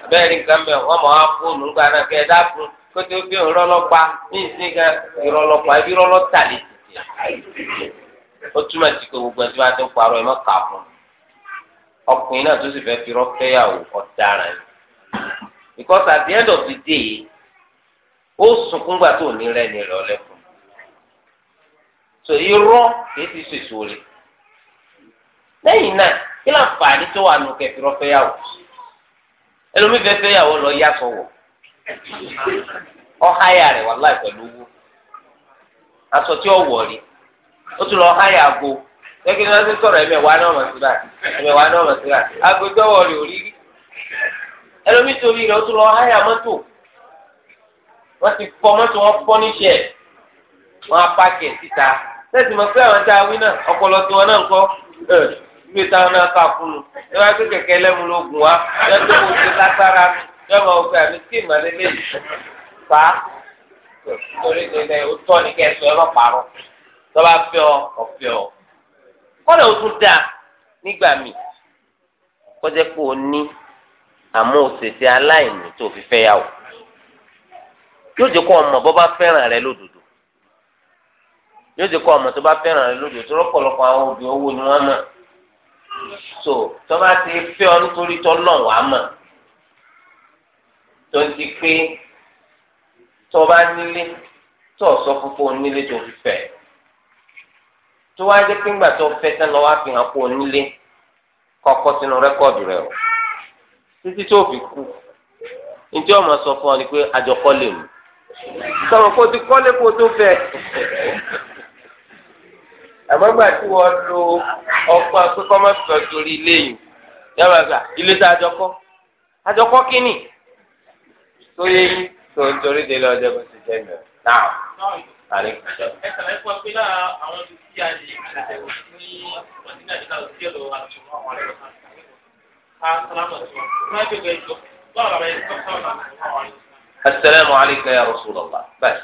abẹ́rẹ́ ní nǹkan mẹ́wọ̀n wọn máa fóònù nígbà náà kẹ́ ẹ dákun kó tó gbé ìrọ́lọ́pa ní ìsìnká ìrọ́lọ́pa ibi ìrọ́lọ́ tà lè tètè ó túmọ̀ sí pé gbogbo ẹni tí wọ́n á ti ń parọ́ ẹ̀ mọ́ kà fún ọkùnrin náà tó sì fẹ́ fi rọ́ ọ̀daràn yìí. because at the end of the day ó sunkún gbà tó ní rẹ ní ìrọ̀lẹ́ fún so irọ́ kìí ti sè sóore lẹ́yìn náà kí láǹfààní tó wà nù kẹfìrọ lọ yá wà láì pẹ̀lú owó aṣọ tí ó wọ̀ rí ó tún lọ ọ̀háyà àgbo gẹ́gẹ́ bí wọ́n ti tí ó wọ̀ rí. ẹlòmíì torí rẹ̀ ó tún lọ háyà mọ́tò wọ́n ti fọ mọ́tò wọn fọ́ níṣẹ́ wọn á pààkì ẹ̀ síta lẹ́sìn mọ̀ pé àwọn tá a wí náà ọpọlọ tí wọn náà ń kọ́ ìwé táwọn náà kà fún un ẹ wá pé kẹ̀kẹ́ lẹ́mu ló gùn wá ẹ tó kò ṣe látara ẹ máa wọ pé àmì tí ìmọ̀ lélẹ̀ yìí fà torí nílẹ̀ ó tọ́ ni kẹ́ ẹ sọ ẹ̀rọ pààrọ̀ tọ́ba fẹ́ ọ ọ̀fẹ́ ọ. kọ́lẹ̀ ó tún dáa nígbà míì kó jẹ́ pé ó ní àmọ́ òṣèṣe aláìní tó fi fẹ́ yà wò yóò jẹ́ kó ọmọ bó bá fẹ́ràn rẹ lódodo yóò jẹ́ kó ọmọ tó bá fẹ́ràn rẹ lódodo tó lọ́pọ̀lọpọ̀ àwọn òbí owó ni wọ́n mọ̀ so tó bá ti fẹ́ ọ nítorí tó lọ̀ wá mọ̀ tó ti pé tó bá nílé tó sọ fúnfún onílé tó fi fẹ́ tó wá jẹ́ pé ńgbà tó fẹ́ tán lọ́wọ́ àfihàn kó onílé kọ́kọ́ sínú rẹ́kọ̀dù rẹ o títí tó fi kú njẹ́ ọmọ sọ fún ọ ni pé àjọkọ́ lè mú sọ̀rọ̀ kó ti kọ́lé kó tó fẹ́ àmọ́ gbà tí wọ́n lo ọkọ akpẹ́kọ́ má sọ torí ilé yìí yàrá gbà ilé tá àjọkọ́ àjọkọ́ kínní tó yé yín tó ń torí délé ọjọ́ bó ti jẹ́ nù náà àrí. ẹ sàlàyé fún wa pé lára àwọn ibi tí a lè ṣẹ̀ṣẹ̀ wò ní ọ̀sìn náà nígbà tó yẹ lọ́wọ́ àti ọmọ àwọn ọ̀rẹ́ wọn. السلام عليك يا رسول الله بس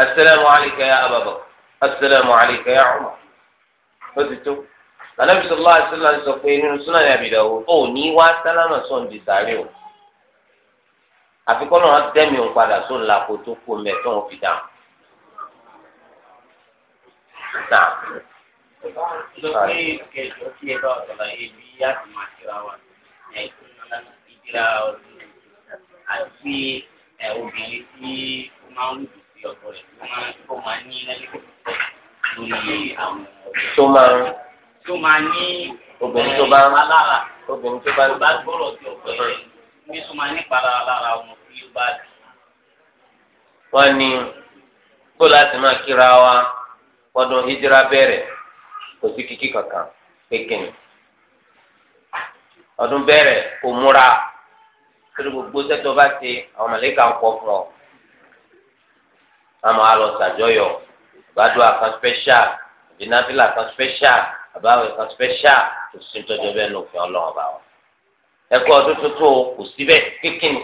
السلام عليك يا أبا بكر السلام عليك يا عمر فزت. النبي صلى الله عليه وسلم سقين من سنن أبي داود أو نيوا سلام سون دي ساريو àfikún náà dẹ́mi ń padà sóun la kó tó kó mẹ́ a ti máa kíra wa ẹ̀kún náà ìdíra ọdún àti obìnrin tí ó máa ń lùdù sí ọkọ rẹ̀ tó máa tó máa ní lẹ́lẹ́kọ̀ọ́ lórí àwọn ọ̀rẹ́. tó máa ń. tó máa ní obìnrin tó bá ń alára obìnrin tó bá bá gbọ́rọ̀ sí ọkọ rẹ̀ ní tó máa ní lára ọmọ tí ó bá dì. wọ́n ní kó láti máa kíra wa ọdún hijira bẹ̀rẹ̀ kò sí kíkí kankan pé kìnnìún ọdún bẹ̀rẹ̀ kò múra kiri gbogbo sẹ́tọ̀ bá ti àwọn mọ̀lẹ́kà ń kọ́ fún ọ. àmọ́ àlọ́ sàjọyọ̀ gbàdúrà kan special ìdínàfílà kan special àbáwẹ̀ kan special kò sí tọ́jú bẹ́ẹ̀ ní òfin ọlọ́run bá wa. ẹ̀kọ́ ọdún tuntun kò síbẹ̀ kíkìnì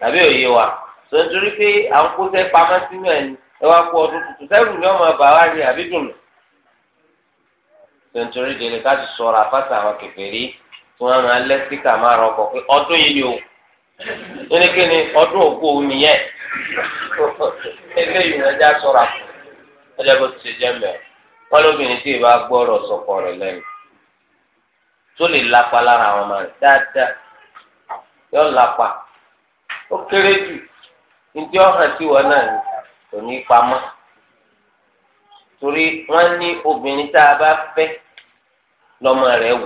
tàbí òye wa tó ń torí pé à ń kó sẹ́ pamọ́ sínú ẹ̀ ní ẹ wá kó ọdún tuntun sẹ́rù ni ọmọ bàbá wa rí àbí dùn. tó ń torí ká ti sọ̀rọ̀ àfáàsà àwọn kèfèrí tí wọ́n máa lẹ́ síkà máa rọ pé ọdún yìí ni o ọdún òkú òun eléyìí wọn já sọra fún ọjọ́ bó ti ṣe jẹ́ mẹ́rin wọn lóbìnrin tí ìbá gbọ́rọ̀ sọkọ rẹ̀ lẹ́nu tó lè lapa lára àwọn ọmọ dáadáa yọ lapa ó kéré jù ntí ọ̀hàn tí wọn náà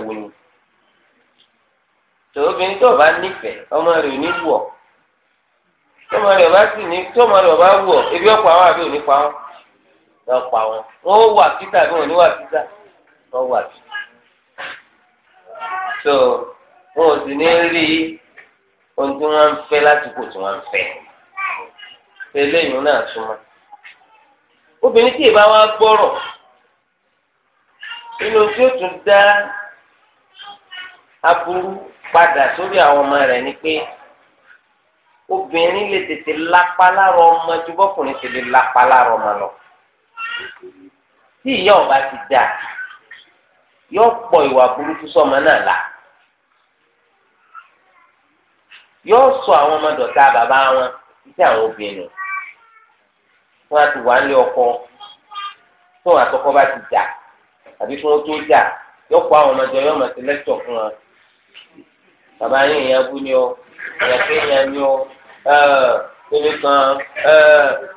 ní tòbìnrin tó bá nífẹ̀ẹ́ ọmọ rẹ̀ ní wọ̀ tọmọ rẹ̀ bá sì ní tọmọ rẹ̀ bá wọ̀ ebi ọ̀pọ̀ àwọn àbí òní pa wọn lọ pa wọn wọn ó wà títà bí wọn ní so wọn ò sì ní rí ohun tí wọn ń fẹ́ lásìkò tí wọn ń fẹ́ eléyìí náà obìnrin tí ìbá wa gbọ́rọ̀ tí ó tún dá aburú. padà sórí àwọn ọmọ rẹ̀ ni pé obìnrin lè tètè lápá lára ọmọ ju bọ́kùnrin ti lè lápá lára ọmọ lọ tí ìyá ọba ti dà yóò pọ̀ ìwà burúkú sọ́mọ náà la yóò sọ àwọn ọmọ dọ̀tá bàbá wọn títí àwọn obìnrin wọn àti wà nílé ọkọ tó àtọkọ bá ti dà àbí fún wọn tó dà yóò kó àwọn ọmọdé yóò mọ sí lẹ́tọ̀ fún wọn bàbá yín èèyàn bú ni o èèyàn kéèyàn ni o ẹnìkan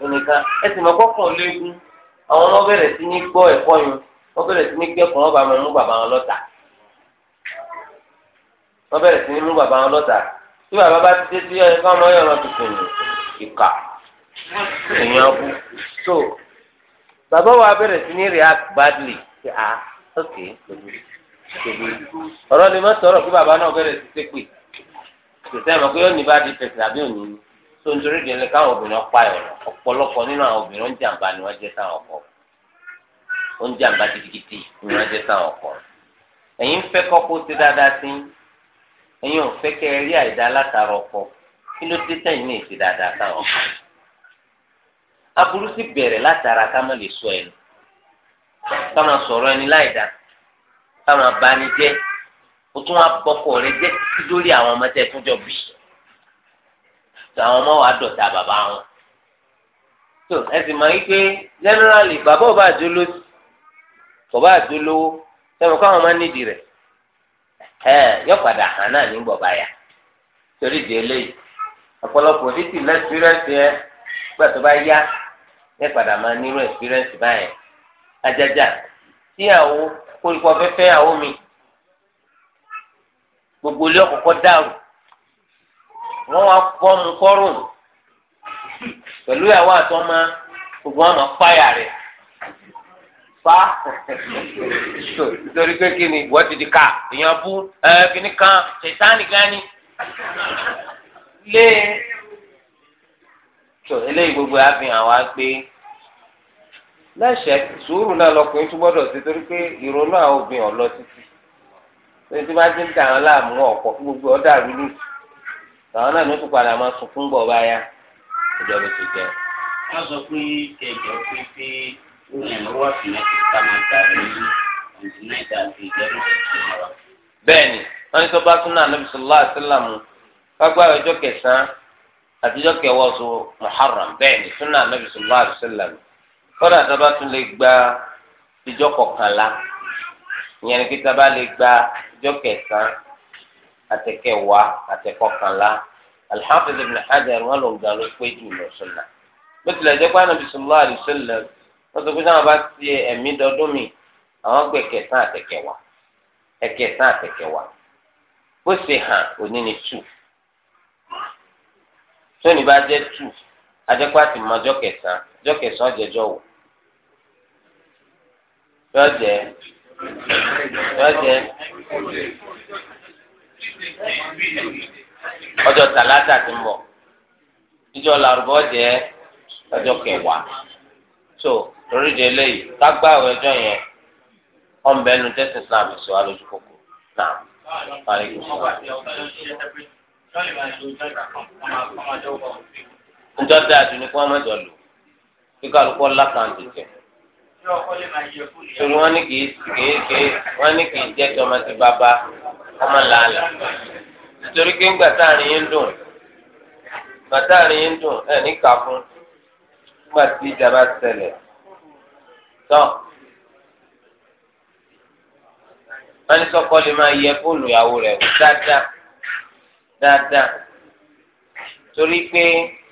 ẹnìkan ẹ sì mọ̀ kọ́kàn léegun àwọn ọmọ bẹ̀rẹ̀ sí ní gbọ́ ẹ̀kọ́ yun wọ́n bẹ̀rẹ̀ sí ní gbẹ́kùn wọn bá mọ̀ mú bàbá wọn lọ́tà wọ́n bẹ̀rẹ̀ sí ní mú bàbá wọn lọ́tà tí bàbá bá ti dé sí ẹ̀ka ọmọ yọ̀rọ̀ tuntun yìí ìkà èèyàn bú so bàbá wa bẹ̀rẹ̀ sí ní react badly ṣe ah ok lóbi ọ̀rọ̀ ni wọ́n sọ̀rọ̀ kí bàbá náà bẹ̀rẹ̀ sí ṣépè kìsẹ́ mọ̀ pé ó ní bá di tẹ̀sí àbí òní ni tó ń torí ìdílé káwọn obìnrin ọ̀pá ẹ̀ ọ̀pọ̀lọpọ̀ nínú àwọn obìnrin oúnjẹ àǹbá ni wọ́n jẹ́ sáwọn ọkọ oúnjẹ àǹbá gidigidi ni wọ́n jẹ́ sáwọn ọkọ ẹ̀yin ń fẹ́ kọ́kọ́ ṣe dáadáa sí ẹ̀yin ò fẹ́ kẹ́ ẹ rí àìdá látara ọkọ kí ló dé tẹ̀yìn náà ṣe dáadáa sáwọn ọkọ aburú sì bẹ̀rẹ̀ látara ká má lè sọ ẹnu ká má sọ̀rọ̀ ẹni láìdáa káwọn abanijẹ́ o tún wá bọ́kọ rẹ títí lórí àwọn ọmọ tẹ́ fúnjọ bí tó àwọn ọmọ wa dọ̀tá bàbá wọn tó ẹ máa ń pé generally bàbá ò bá dúró kò bá dúró káwọn ẹ yọ padà hàn náà ní yà torí di eléyìí gbà tó bá yá yẹ experience báyẹn kórìkọ fẹ́fẹ́ àwọn mi gbogbo ilé ọ̀kọ̀ọ̀kọ̀ dàrú wọ́n wá kọ́ mu kọ́rùn pẹ̀lú ìyàwó àtọ́mọ gbogbo wọn máa páyà rẹ̀ fa nítorí pé kí ni wọ́n ti di ká èèyàn bú ẹ kíní kan ṣètánì gani lé tó eléyìí gbogbo àfihàn wa pé. lẹ́sẹ̀ sùúrù náà lọkùnrin tún gbọ́dọ̀ sí torí pé ìrònú àwọn obìnrin ọ̀lọ́ títí lórí tí bá ti ń tà wọn láàmú ọ̀pọ̀ fún gbogbo ọ̀dà rúlù àwọn náà ló tún padà sùn fún gbọ̀ báyà ìjọba tó jẹ. wọ́n sọ pé ẹ̀jọ̀ pé pé ìrànlọ́wọ́ fìlẹ́tì ká máa dà ní ìdínáìdá àti ìjẹ́rù ìṣẹ̀lẹ̀. ní tún náà kágbá kẹwàá tún náà kọ́dà tábà tún lè gba ìjọ kọkànlá ìyẹn ni pé tábà lè gba ìjọ kẹsàn-án àtẹkẹwàá àtẹkọkànlá Al-Hafiz Ibn Hajar wọn lòun gbà ló pé jù lọ sọlá bó tilẹ̀ jẹ́ pé Ànábì sallallahu alaihi wasallam wọ́n sọ pé sáwọn bá ti ẹ̀mí dọdún mi àwọn gbé kẹsàn-án àtẹkẹwàá ẹ̀kẹsàn àtẹkẹwàá bó ṣe hàn òní ni tù tóní bá jẹ́ tù ajẹ́pọ̀ àti mọ́jọ́ kẹsàn-án jọ́ kẹsàn-án jẹjọ́ wò. yọjẹ yọjẹ ọjọ́ Tàlátà ti ń bọ̀ ìjọ Lárúbọ jẹ́ ọjọ́ kẹwàá so lórí de eléyìí kágbáwé ọjọ́ yẹn wọn bẹ nu tẹsí Islam sọ alójú kòkó náà parí kòkó wa. njọ́ dáa ju kí wọ́n má jọ lò kí kálukọ́ torí wọn ní kì í wọn ní kì í jẹ tọmọ sí bàbá ọmọ làálà nítorí pé ńgbà táàrin yín dùn ńgbà yín dùn ẹ ní kà fún ńgbà tí wọn ní sọkọ lè máa yẹ fóònù ìyàwó rẹ wò dáadáa dáadáa torí pé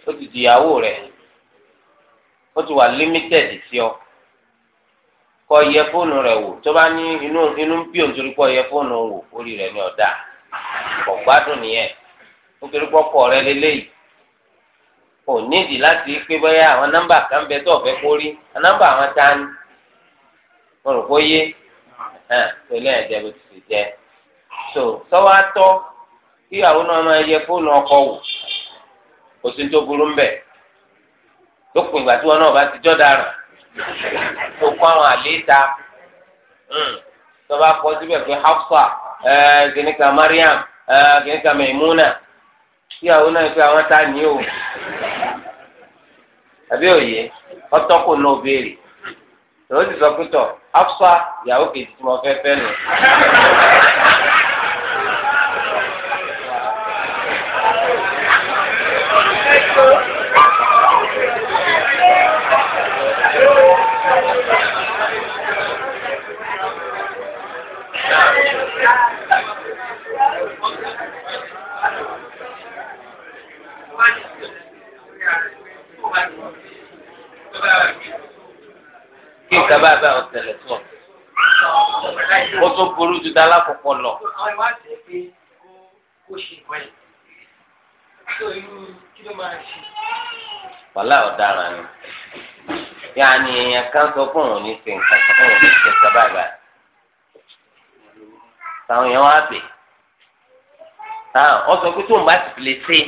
ó ti di ìyàwó rẹ̀ ó ti wà límítẹ̀dì sí ọ. kọ yẹ fóònù rẹ̀ wò tó bá ní inú inú ń bí òun torí kọ yẹ fóònù wò orí rẹ̀ ní ọ̀dà kò gbádùn nìyẹn nítorí pọkọ rẹ̀ lélẹ́yìí kò nídìí láti pé bóyá àwọn nọ́mbà kan bẹ tó ọ̀fẹ́ kórí nọ́mbà àwọn ta ni wọn rò kó yé hàn tó lẹ́yìn ẹ̀jẹ̀ bó ti sì jẹ́ so sọ́wọ́ atọ́ kí àwọn náà máa yẹ fóònù ọkọ wò kò sí ní tó burú ń bẹ̀ lópin ìgbà tí wọn náà bá ti jọ́ dára. gbogbo àwọn àlééta hmm. tọ́ba kọ́ síbẹ̀ pé Hafsa kìnìkan Mariam kìnìkan Maimuna tíyàwó náà pé àwọn o àbí òye náà béèrè ti sọ pé Hafsa gbàgbé àwọn tẹ̀lẹ̀ tó ó tó burú ju dá lákòókò lọ. wàhálà ọ̀daràn ni yáà ni èèyàn kan sọ fún òun ní ṣe nǹkan kan òun ní ṣe sábà báyìí táwọn èèyàn wá bè ọ sọ pé tóun bá ti lè ṣe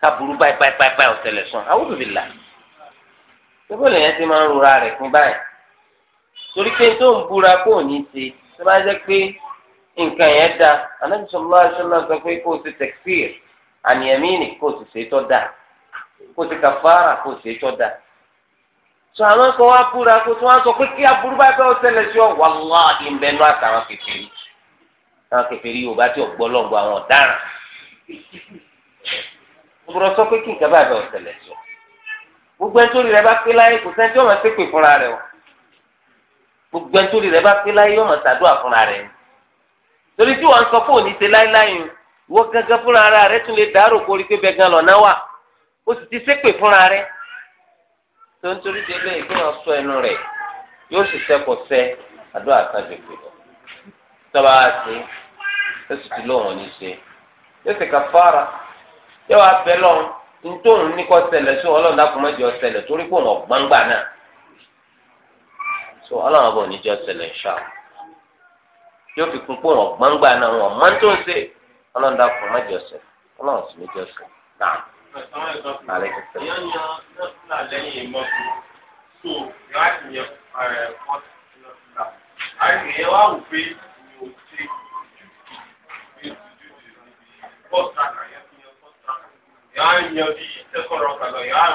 káburú báyìí báyìí báyìí ọ̀tẹ̀lẹ̀ sùn àwọn òbí là gbogbo lèyàn ti máa ń rora rẹ̀ pín báyìí torí pé tó ń búra kó ò ní ṣe tó bá jẹ́ pé nǹkan yẹn da Ànábì sallallahu alaihi wasallam sọ pé kó o ti takfir àníyàmínì kó o ti ṣe tó da kó o ti kàfàrà kó o ṣe tó da sọ àwọn kan wá búra kó tí wọ́n sọ pé kí aburú bá bẹ́ẹ̀ ṣẹlẹ̀ sí ọ wàláhì ìbẹ́nu àtàwọn kèfèrí àwọn kèfèrí Yorùbá tí ò gbọ́ lọ́gbọ́ àwọn ọ̀daràn gbọ́dọ̀ sọ pé kí nǹkan bá bẹ́ẹ̀ ṣẹlẹ̀ sí ọ gbogbo ẹni tó rí rẹ bá pé láyé kò sẹ́ni tí gbogbo ẹni tó rí rẹ bá pé láyé yọmọ ṣàdúrà fúnra rẹ torí tí wọn sọ fóònù ṣe láéláé yìí wọ́n gángan fúnra ara rẹ tún lè dárò kórí pé bẹ́ẹ̀ gan lọ́nà wà ó sì ti ṣépè fúnra rẹ tó ń torí délé ìgbéyàn sọ ẹnu rẹ yóò sì sẹ́kọ̀ sẹ́ àdúrà kan jòkè lọ tọ́ba á sí ó sì ti lóun ní ṣe yóò sì kà fara yóò wá bẹ́ lọ́run ntòun ní kọ́ ṣẹlẹ̀ sí ọlọ́run dákúmọ́jọ ṣẹlẹ̀ torí pé òun ọ̀gbọ́n náà. so ọlọ́run ọba oníjọ́ ṣẹlẹ̀ ṣá yóò fi kún pé wọn gbangba náà wọn mọ tó ń ṣe ọlọ́run dàpọ̀ má jọ ṣẹ ọlọ́run sì ní jọ ṣẹ náà. Yàrá yẹn bí sẹ́kọ̀rọ̀ kàlọ́ yàrá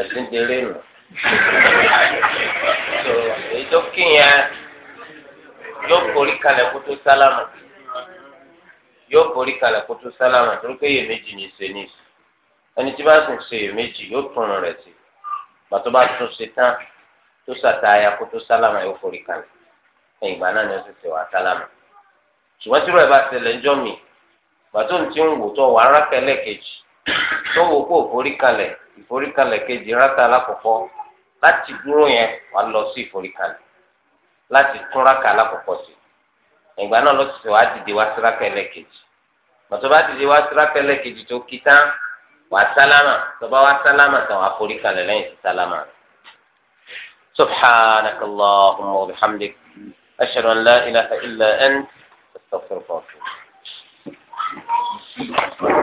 ẹ̀sìn délé nù. tó èyí tó kí yẹn yóò forí kalẹ̀ kó tó sálámà yóò forí kalẹ̀ kó tó sálámà torí pé iyèméjì ní í ṣe ní ìsìn ẹni tí bá sì ń ṣe iyèméjì yóò tún rẹ̀ sí pàtó bá tún ṣe tán tó sàtáyà kó tó sálámà yóò forí kalẹ̀ ẹ̀yìn ìgbà náà ni wọ́n ti ṣe wàá sálámà ṣùgbọ́n tí rẹ̀ bá ṣẹlẹ̀ ńjọ́ mi pàtó ti ń wò tó wàá rákẹ́lẹ̀ kejì tó wò kó forí kalẹ̀ ìforíkalẹ̀ kejì rákà alákọ̀ọ́kọ́ láti dúró yẹn wà lọ sí ìforíkalẹ̀ láti tún rákà alákọ̀ọ́kọ́ sí ìgbà náà lọ sí wàá dìde wá sí rákà ẹlẹ́kejì mọ̀tò bá dìde wá sí rákà ẹlẹ́kejì tó kí tán wàá sálámà tó bá sálámà tán wàá foríkalẹ̀ lẹ́yìn sí sálámà. سبحانك اللهم وبحمدك أشهد أن لا إله إلا أنت أستغفرك وأتوب